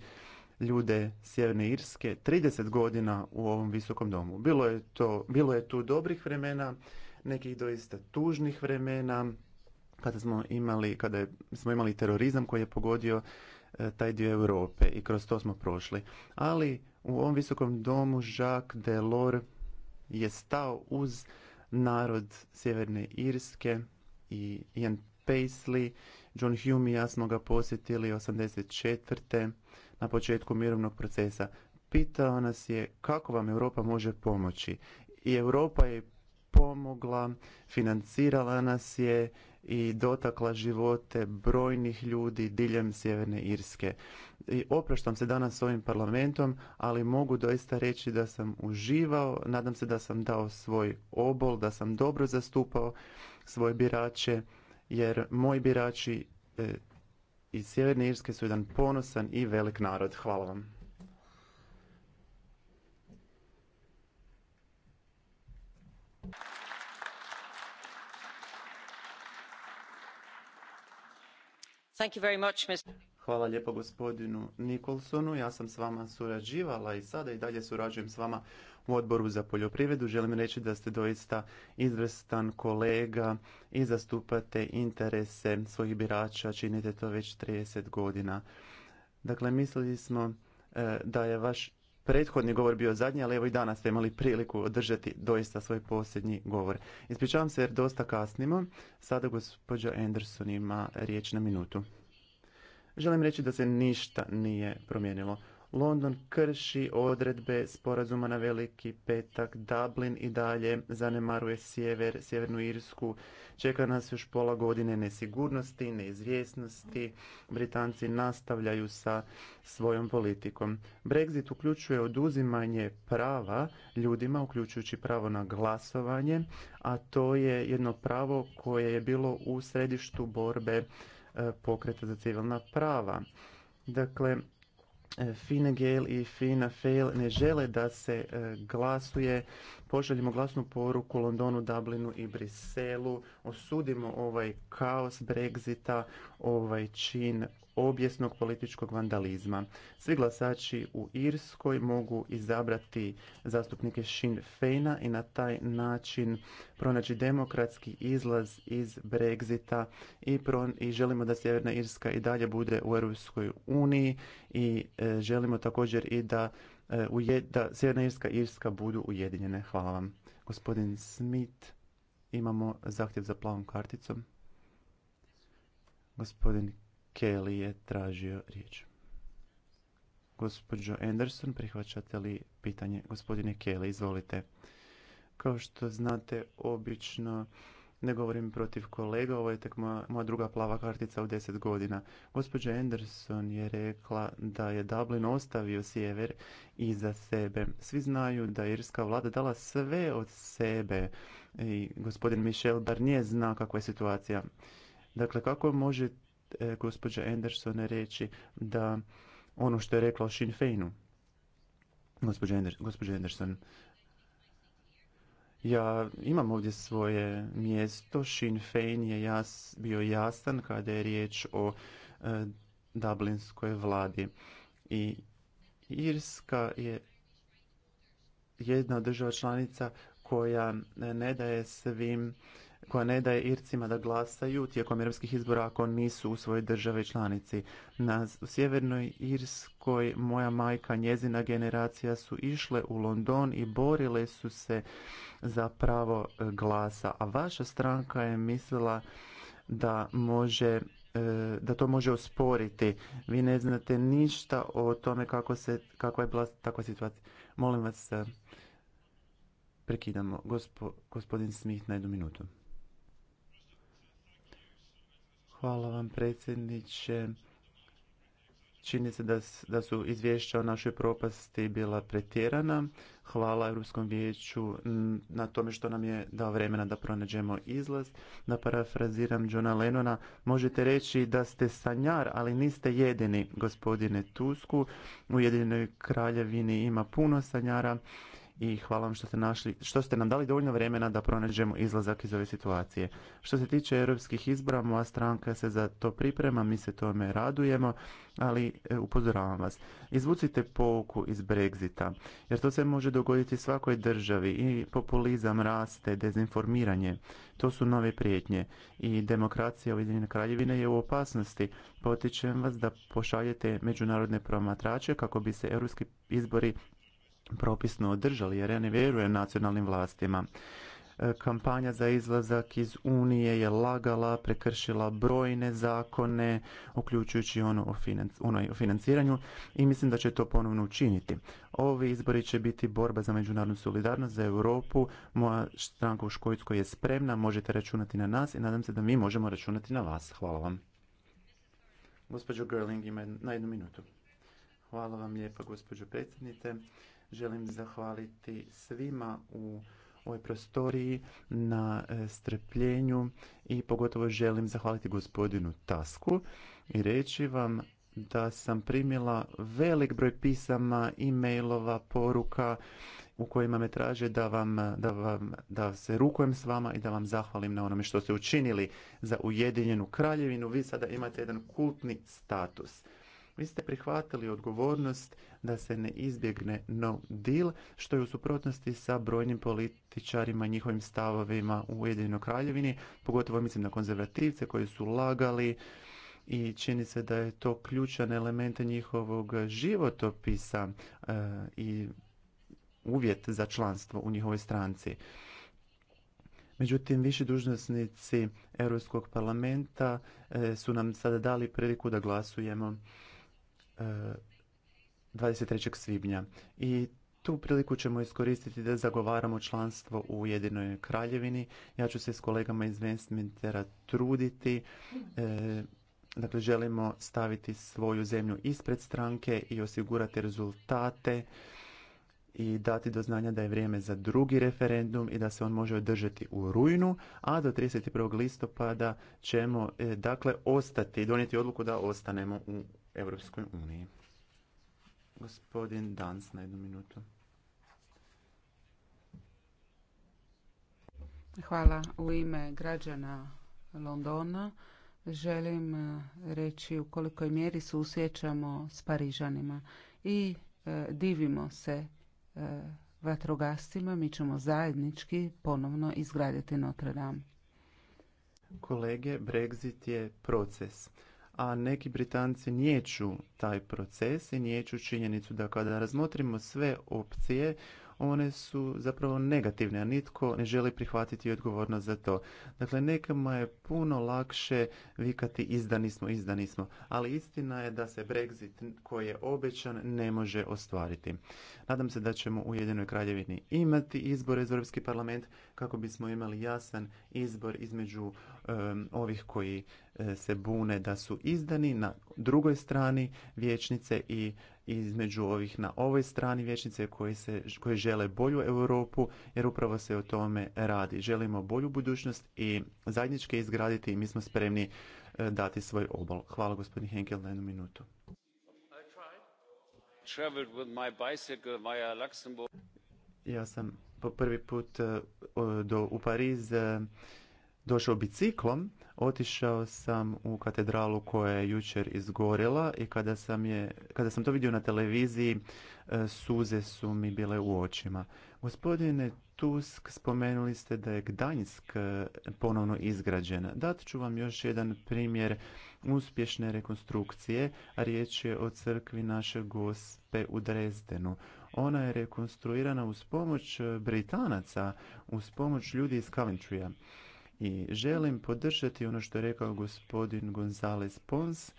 ljude Sjeverne Irske 30 godina u ovom visokom domu. Bilo je, to, bilo je tu dobrih vremena, nekih doista tužnih vremena, kada smo imali, kada smo imali terorizam koji je pogodio e, taj dio Europe i kroz to smo prošli. Ali u ovom visokom domu Jacques Delors je stao uz narod Sjeverne Irske i Ian Paisley, John Hume i ja smo ga posjetili 84 na početku mirovnog procesa. Pitao nas je kako vam Europa može pomoći. I Europa je pomogla, financirala nas je i dotakla živote brojnih ljudi diljem Sjeverne Irske. I opraštam se danas ovim parlamentom, ali mogu doista reći da sam uživao, nadam se da sam dao svoj obol, da sam dobro zastupao svoje birače, jer moji birači e, i Sjeverne Irske su jedan ponosan i velik narod. Hvala vam. Thank you very Hvala lijepo gospodinu Nikolsonu. Ja sam s vama surađivala i sada i dalje surađujem s vama u odboru za poljoprivredu. Želim reći da ste doista izvrstan kolega i zastupate interese svojih birača. Činite to već 30 godina. Dakle, mislili smo e, da je vaš prethodni govor bio zadnji, ali evo i danas ste imali priliku održati doista svoj posljednji govor. Ispričavam se jer dosta kasnimo. Sada gospođa Anderson ima riječ na minutu. Želim reći da se ništa nije promijenilo. London krši odredbe sporazuma na Veliki petak, Dublin i dalje zanemaruje sjever, sjevernu Irsku. Čeka nas još pola godine nesigurnosti, neizvjesnosti. Britanci nastavljaju sa svojom politikom. Brexit uključuje oduzimanje prava ljudima, uključujući pravo na glasovanje, a to je jedno pravo koje je bilo u središtu borbe eh, pokreta za civilna prava. Dakle, E, Fine i Fina Fail ne žele da se e, glasuje. Pošaljimo glasnu poruku Londonu, Dublinu i Briselu. Osudimo ovaj kaos Brexita, ovaj čin objesnog političkog vandalizma. Svi glasači u Irskoj mogu izabrati zastupnike Sinn Feina i na taj način pronaći demokratski izlaz iz Brexita i, pro, i želimo da Sjeverna Irska i dalje bude u Europskoj uniji i e, želimo također i da, e, da Sjeverna Irska i Irska budu ujedinjene. Hvala vam. Gospodin Smith, imamo zahtjev za plavom karticom. Gospodin Kelly je tražio riječ. Gospođo Anderson, prihvaćate li pitanje? Gospodine Kelly, izvolite. Kao što znate, obično ne govorim protiv kolega, ovo je tek moja, druga plava kartica u deset godina. Gospođa Anderson je rekla da je Dublin ostavio sjever iza sebe. Svi znaju da je irska vlada dala sve od sebe i gospodin Michel nije zna kakva je situacija. Dakle, kako možete e, gospođa Anderson reći da ono što je rekla o Sinn Féinu. Gospođa Anderson, ja imam ovdje svoje mjesto. Sinn Féin je jas, bio jasan kada je riječ o e, Dublinskoj vladi. I Irska je jedna od država članica koja e, ne daje svim koja ne daje Ircima da glasaju tijekom europskih izbora ako nisu u svojoj državi članici. Na u sjevernoj Irskoj moja majka, njezina generacija su išle u London i borile su se za pravo e, glasa, a vaša stranka je mislila da može e, da to može osporiti. Vi ne znate ništa o tome kako se, kakva je bila takva situacija. Molim vas, e, prekidamo. gospodin Smith na jednu minutu. Hvala vam predsjedniče. Čini se da, da su izvješća o našoj propasti bila pretjerana. Hvala Europskom vijeću na tome što nam je dao vremena da pronađemo izlaz. Da parafraziram Johna Lenona, možete reći da ste sanjar, ali niste jedini, gospodine Tusku. U Jedinoj kraljevini ima puno sanjara i hvala vam što ste, našli, što ste nam dali dovoljno vremena da pronađemo izlazak iz ove situacije. Što se tiče europskih izbora, moja stranka se za to priprema, mi se tome radujemo, ali e, upozoravam vas. Izvucite pouku iz Brexita, jer to se može dogoditi svakoj državi i populizam raste, dezinformiranje. To su nove prijetnje i demokracija Ujedinjene kraljevine je u opasnosti. Potičem vas da pošaljete međunarodne promatrače kako bi se europski izbori propisno održali jer ja ne vjerujem nacionalnim vlastima. E, kampanja za izlazak iz Unije je lagala, prekršila brojne zakone, uključujući ono o, financ, ono o financiranju i mislim da će to ponovno učiniti. Ovi izbori će biti borba za međunarodnu solidarnost, za Europu. Moja stranka u Škojskoj je spremna, možete računati na nas i nadam se da mi možemo računati na vas. Hvala vam. Gospođo Gerling ima na jednu minutu. Hvala vam lijepa, gospođo predsjednice. Želim zahvaliti svima u ovoj prostoriji na e, strpljenju i pogotovo želim zahvaliti gospodinu Tasku i reći vam da sam primila velik broj pisama, e-mailova, poruka u kojima me traže da, vam, da, vam, da se rukujem s vama i da vam zahvalim na onome što ste učinili za Ujedinjenu kraljevinu. Vi sada imate jedan kultni status. Vi ste prihvatili odgovornost da se ne izbjegne no deal, što je u suprotnosti sa brojnim političarima, i njihovim stavovima u Ujedinjenoj kraljevini, pogotovo mislim na konzervativce koji su lagali i čini se da je to ključan element njihovog životopisa eh, i uvjet za članstvo u njihovoj stranci. Međutim, viši dužnosnici Europskog parlamenta eh, su nam sada dali priliku da glasujemo 23. E, svibnja i tu priliku ćemo iskoristiti da zagovaramo članstvo u jedinoj Kraljevini. Ja ću se s kolegama iz Westminstera truditi. E, dakle, želimo staviti svoju zemlju ispred stranke i osigurati rezultate i dati do znanja da je vrijeme za drugi referendum i da se on može održati u rujnu, a do 31. listopada ćemo e, dakle ostati, donijeti odluku da ostanemo u Europskoj uniji. Gospodin Dans na jednu minutu. Hvala u ime građana Londona. Želim reći u kolikoj mjeri se usjećamo s Parižanima i e, divimo se e, vatrogascima. Mi ćemo zajednički ponovno izgraditi Notre Dame. Kolege, Brexit je proces a neki Britanci nijeću taj proces i nijeću činjenicu da kada razmotrimo sve opcije, one su zapravo negativne, a nitko ne želi prihvatiti odgovornost za to. Dakle, nekama je puno lakše vikati izdani smo, izdani smo, ali istina je da se Brexit koji je obećan ne može ostvariti. Nadam se da ćemo u Jedinoj kraljevini imati izbore za Europski parlament kako bismo imali jasan izbor između ovih koji E, se bune da su izdani na drugoj strani vječnice i između ovih na ovoj strani vječnice koje se, koji žele bolju Europu jer upravo se o tome radi. Želimo bolju budućnost i zajednički izgraditi i mi smo spremni e, dati svoj obol. Hvala gospodin Henkel na jednu minutu. Ja sam po prvi put e, do, u Pariz došao biciklom Otišao sam u katedralu koja je jučer izgorjela i kada sam, je, kada sam to vidio na televiziji, e, suze su mi bile u očima. Gospodine Tusk, spomenuli ste da je Gdanjsk e, ponovno izgrađen. Dat ću vam još jedan primjer uspješne rekonstrukcije. Riječ je o crkvi naše gospe u Drezdenu. Ona je rekonstruirana uz pomoć e, Britanaca, uz pomoć ljudi iz Kalinčuja i želim podržati ono što je rekao gospodin Gonzales Pons.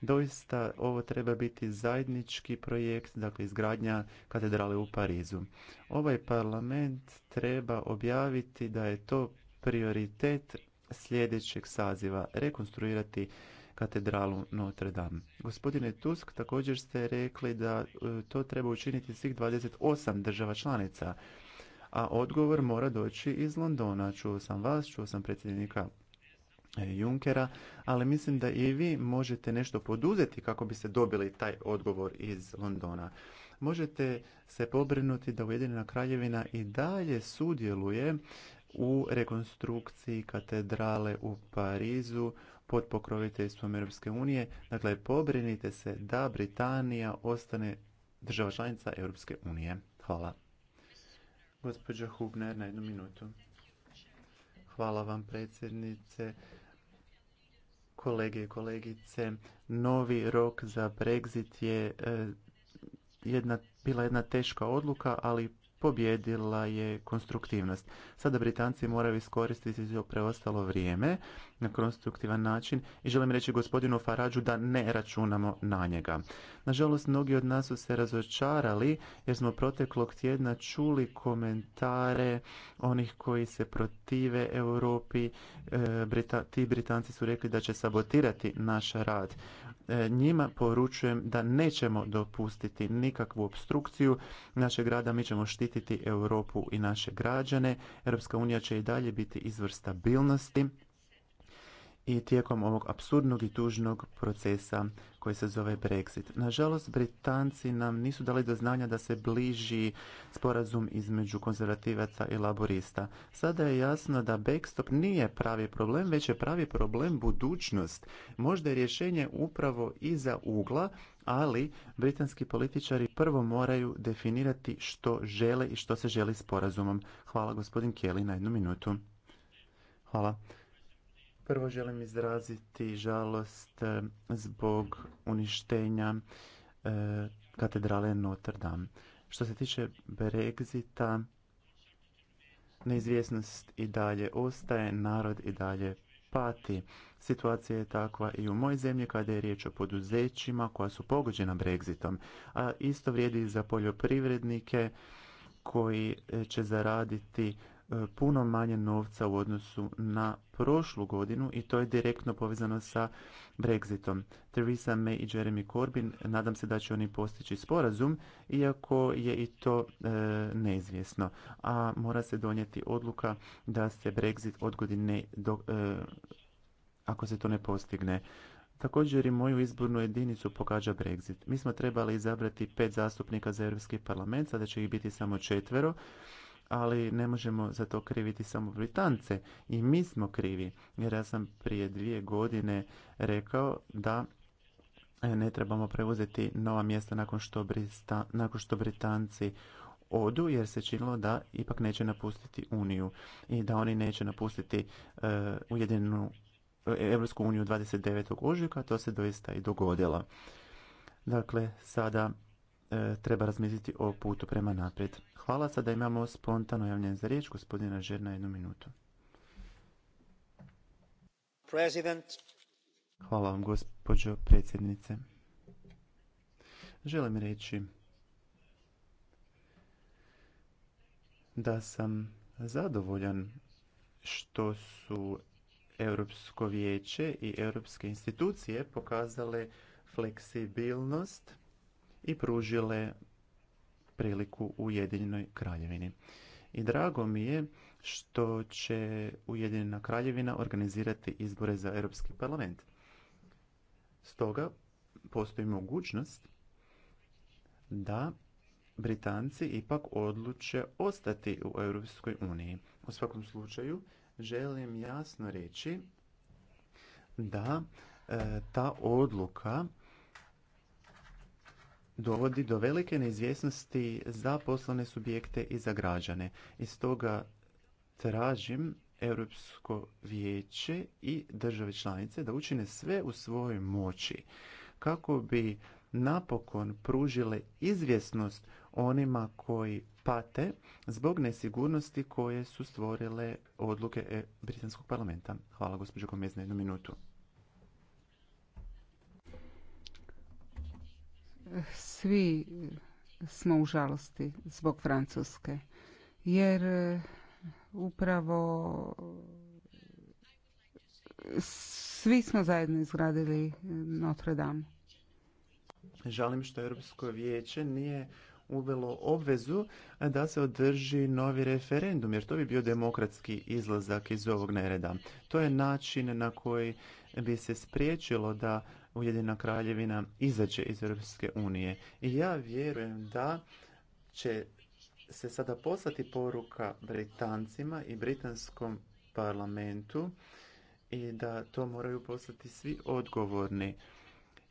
Doista ovo treba biti zajednički projekt, dakle izgradnja katedrale u Parizu. Ovaj parlament treba objaviti da je to prioritet sljedećeg saziva, rekonstruirati katedralu Notre Dame. Gospodine Tusk, također ste rekli da e, to treba učiniti svih 28 država članica a odgovor mora doći iz Londona. Čuo sam vas, čuo sam predsjednika e, Junckera, ali mislim da i vi možete nešto poduzeti kako biste dobili taj odgovor iz Londona. Možete se pobrinuti da Ujedinjena kraljevina i dalje sudjeluje u rekonstrukciji katedrale u Parizu pod pokroviteljstvom Europske unije. Dakle, pobrinite se da Britanija ostane država članica Europske unije. Hvala. Gospođa Hubner, na jednu minutu. Hvala vam, predsjednice kolege i kolegice. Novi rok za Brexit je eh, bila jedna teška odluka, ali pobjedila je konstruktivnost. Sada Britanci moraju iskoristiti za preostalo vrijeme na konstruktivan način i želim reći gospodinu Farađu da ne računamo na njega. Nažalost, mnogi od nas su se razočarali jer smo proteklog tjedna čuli komentare onih koji se protive Europi. E, ti Britanci su rekli da će sabotirati naš rad. E, njima poručujem da nećemo dopustiti nikakvu obstrukciju našeg rada, mi ćemo štititi zaštititi Europu i naše građane. Europska unija će i dalje biti izvor stabilnosti i tijekom ovog apsurdnog i tužnog procesa koji se zove Brexit. Nažalost, Britanci nam nisu dali do znanja da se bliži sporazum između konzervativaca i laborista. Sada je jasno da backstop nije pravi problem, već je pravi problem budućnost. Možda je rješenje upravo iza ugla, ali britanski političari prvo moraju definirati što žele i što se želi sporazumom. Hvala gospodin Kelly na jednu minutu. Hvala. Prvo želim izraziti žalost e, zbog uništenja e, katedrale Notre Dame. Što se tiče Brexita, neizvjesnost i dalje ostaje, narod i dalje pati. Situacija je takva i u mojoj zemlji kada je riječ o poduzećima koja su pogođena Brexitom, a isto vrijedi i za poljoprivrednike koji e, će zaraditi puno manje novca u odnosu na prošlu godinu i to je direktno povezano sa Brexitom. Theresa May i Jeremy Corbyn nadam se da će oni postići sporazum, iako je i to e, neizvjesno. A mora se donijeti odluka da se Brexit odgodi ne, do, e, ako se to ne postigne. Također i moju izbornu jedinicu pokađa Brexit. Mi smo trebali izabrati pet zastupnika za Europski parlament, sada će ih biti samo četvero ali ne možemo za to kriviti samo Britance. I mi smo krivi, jer ja sam prije dvije godine rekao da e, ne trebamo preuzeti nova mjesta nakon što, nakon što Britanci odu jer se činilo da ipak neće napustiti Uniju i da oni neće napustiti uh, Ujedinu e, Europsku uniju 29. ožujka, to se doista i dogodilo. Dakle, sada E, treba razmisliti o putu prema naprijed. Hvala sada imamo spontano javljanje za riječ gospodina Žerna jednu minutu. Hvala vam gospođo predsjednice. Želim reći da sam zadovoljan što su Europsko vijeće i europske institucije pokazale fleksibilnost i pružile priliku Ujedinjenoj kraljevini. I drago mi je što će Ujedinjena kraljevina organizirati izbore za Europski parlament. Stoga postoji mogućnost da Britanci ipak odluče ostati u Europskoj uniji. U svakom slučaju želim jasno reći da e, ta odluka dovodi do velike neizvjesnosti za poslovne subjekte i za građane. I stoga tražim Europsko vijeće i države članice da učine sve u svojoj moći kako bi napokon pružile izvjesnost onima koji pate zbog nesigurnosti koje su stvorile odluke e, Britanskog parlamenta. Hvala gospođo Gomez na jednu minutu. svi smo u žalosti zbog Francuske. Jer eh, upravo svi smo zajedno izgradili eh, Notre Dame. Žalim što Europsko vijeće nije uvelo obvezu da se održi novi referendum, jer to bi bio demokratski izlazak iz ovog nereda. To je način na koji bi se spriječilo da Ujedina kraljevina izađe iz Europske unije. I ja vjerujem da će se sada poslati poruka Britancima i britanskom parlamentu i da to moraju poslati svi odgovorni.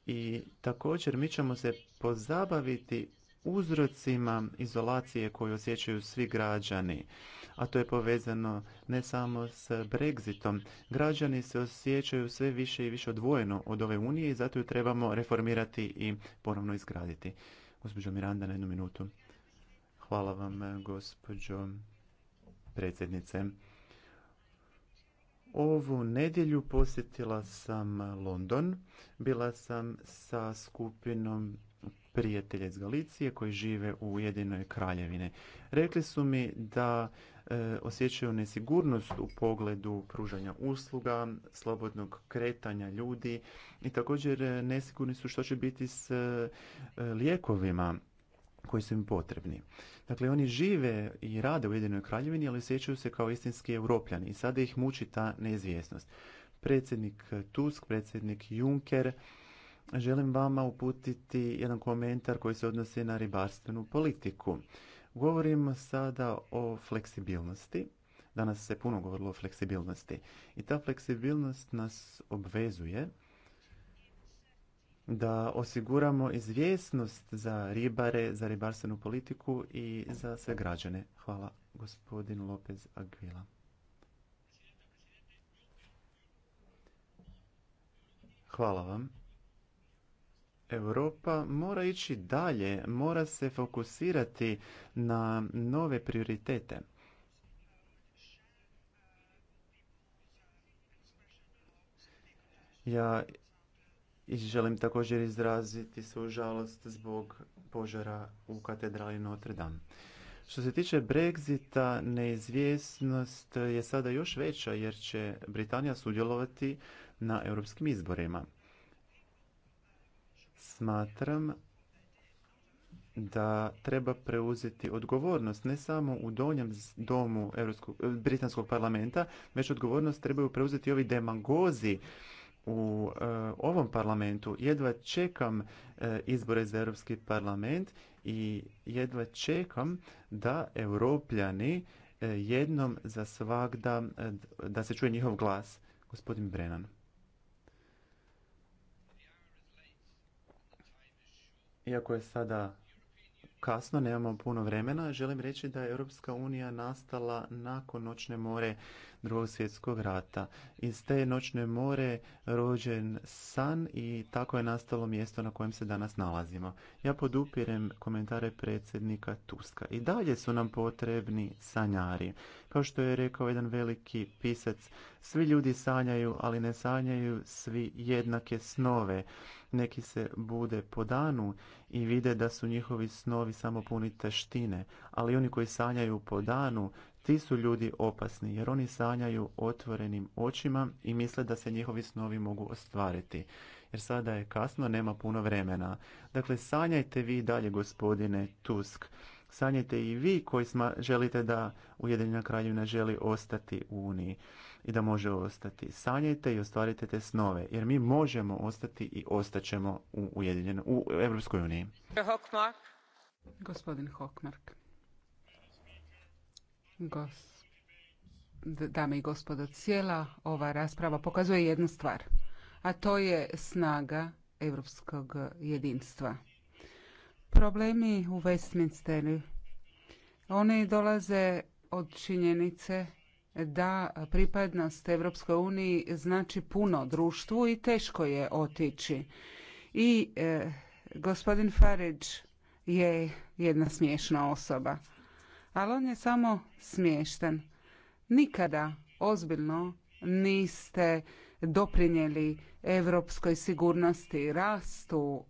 I također mi ćemo se pozabaviti uzrocima izolacije koju osjećaju svi građani a to je povezano ne samo s Brexitom. Građani se osjećaju sve više i više odvojeno od ove unije i zato ju trebamo reformirati i ponovno izgraditi. Gospođo Miranda, na jednu minutu. Hvala vam, gospođo predsjednice. Ovu nedjelju posjetila sam London. Bila sam sa skupinom prijatelja iz Galicije koji žive u Ujedinoj kraljevine. Rekli su mi da E, osjećaju nesigurnost u pogledu pružanja usluga, slobodnog kretanja ljudi i također e, nesigurni su što će biti s e, lijekovima koji su im potrebni. Dakle, oni žive i rade u Jedinoj kraljevini, ali osjećaju se kao istinski europljani i sada ih muči ta neizvjesnost. Predsjednik Tusk, predsjednik Juncker, želim vama uputiti jedan komentar koji se odnosi na ribarstvenu politiku. Govorimo sada o fleksibilnosti. Danas se puno govorilo o fleksibilnosti. I ta fleksibilnost nas obvezuje da osiguramo izvjesnost za ribare, za ribarstvenu politiku i za sve građane. Hvala gospodin Lopez Aguila. Hvala vam. Europa mora ići dalje, mora se fokusirati na nove prioritete. Ja želim također izraziti svoju žalost zbog požara u katedrali Notre Dame. Što se tiče Brexita, neizvjesnost je sada još veća jer će Britanija sudjelovati na europskim izborima smatram da treba preuzeti odgovornost ne samo u donjem domu Evropskog, eh, britanskog parlamenta već odgovornost trebaju preuzeti ovi demagozi u eh, ovom parlamentu jedva čekam eh, izbore za europski parlament i jedva čekam da europljani jednom za svagda da se čuje njihov glas gospodin Brenan. Iako je sada kasno, nemamo puno vremena, želim reći da je Europska unija nastala nakon noćne more drugog svjetskog rata. Iz te noćne more rođen san i tako je nastalo mjesto na kojem se danas nalazimo. Ja podupirem komentare predsjednika Tuska. I dalje su nam potrebni sanjari. Kao što je rekao jedan veliki pisac, svi ljudi sanjaju, ali ne sanjaju svi jednake snove. Neki se bude po danu i vide da su njihovi snovi samo puni teštine, ali oni koji sanjaju po danu ti su ljudi opasni jer oni sanjaju otvorenim očima i misle da se njihovi snovi mogu ostvariti. Jer sada je kasno, nema puno vremena. Dakle, sanjajte vi dalje, gospodine Tusk. Sanjajte i vi koji sma želite da Ujedinjena kraljevina želi ostati u Uniji i da može ostati. Sanjajte i ostvarite te snove, jer mi možemo ostati i ostaćemo u, u Europskoj uniji. Gospodin Hockmark. Gos, dame i gospodo, cijela ova rasprava pokazuje jednu stvar, a to je snaga europskog jedinstva. Problemi u Westminsteru, oni dolaze od činjenice da pripadnost Europskoj uniji znači puno društvu i teško je otići. I eh, gospodin Farage je jedna smiješna osoba ali on je samo smješten. Nikada ozbiljno niste doprinijeli europskoj sigurnosti, rastu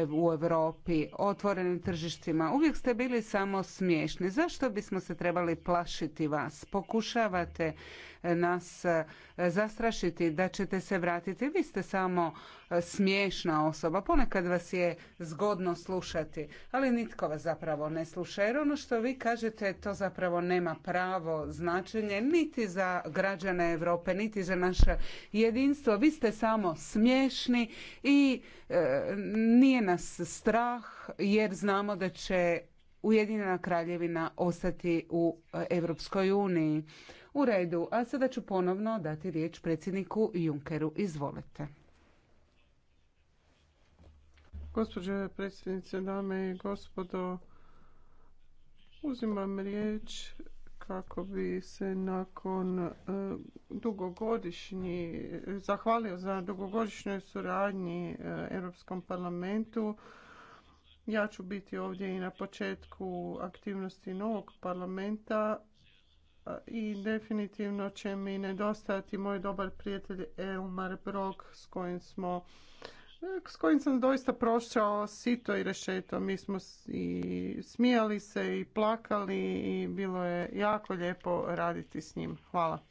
e, u Europi, otvorenim tržištima. Uvijek ste bili samo smiješni. Zašto bismo se trebali plašiti vas? Pokušavate e, nas e, zastrašiti da ćete se vratiti. Vi ste samo smiješna osoba. Ponekad vas je zgodno slušati, ali nitko vas zapravo ne sluša. Jer ono što vi kažete, to zapravo nema pravo značenje niti za građane Europe, niti za naše jedinstvo. Vi ste samo smiješni i e, nije nas strah jer znamo da će Ujedinjena kraljevina ostati u Europskoj uniji. U redu, a sada ću ponovno dati riječ predsjedniku Junkeru. Izvolite. Gospođo predsjednice, dame i gospodo, uzimam riječ kako bi se nakon e, dugogodišnji, zahvalio za dugogodišnjoj suradnji e, Europskom parlamentu. Ja ću biti ovdje i na početku aktivnosti novog parlamenta e, i definitivno će mi nedostati moj dobar prijatelj Elmar Brok s kojim smo E, s kojim sam doista prošao sito i rešeto. Mi smo i smijali se i plakali i bilo je jako lijepo raditi s njim. Hvala.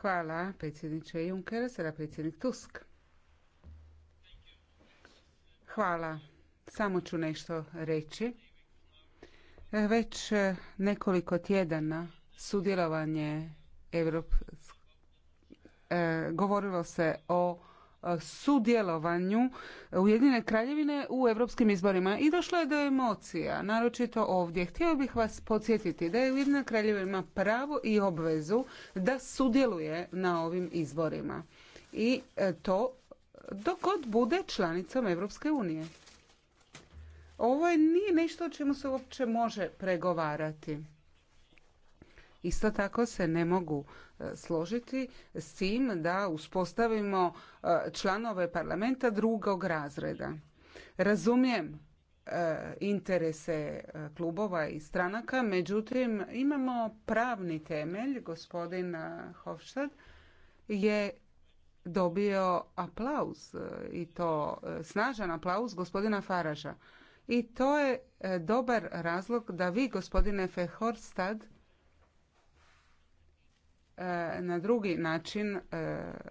Hvala predsjedniče Juncker, sada predsjednik Tusk. Hvala. Samo ću nešto reći. Već nekoliko tjedana sudjelovanje Europe, E, govorilo se o e, sudjelovanju Ujedinjene kraljevine u europskim izborima i došlo je do emocija, naročito ovdje. Htio bih vas podsjetiti da je Ujedinjena kraljevina ima pravo i obvezu da sudjeluje na ovim izborima i e, to dok god bude članicom Europske unije. Ovo nije nešto o čemu se uopće može pregovarati. Isto tako se ne mogu e, složiti s tim da uspostavimo e, članove parlamenta drugog razreda. Razumijem e, interese klubova i stranaka, međutim imamo pravni temelj, gospodin Hofstad je dobio aplauz i to snažan aplauz gospodina Faraža. I to je dobar razlog da vi, gospodine Fehorstad, E, na drugi način e,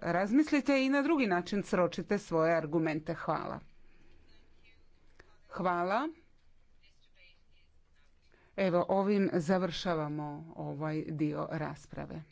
razmislite i na drugi način sročite svoje argumente. Hvala. Hvala. Evo ovim završavamo ovaj dio rasprave.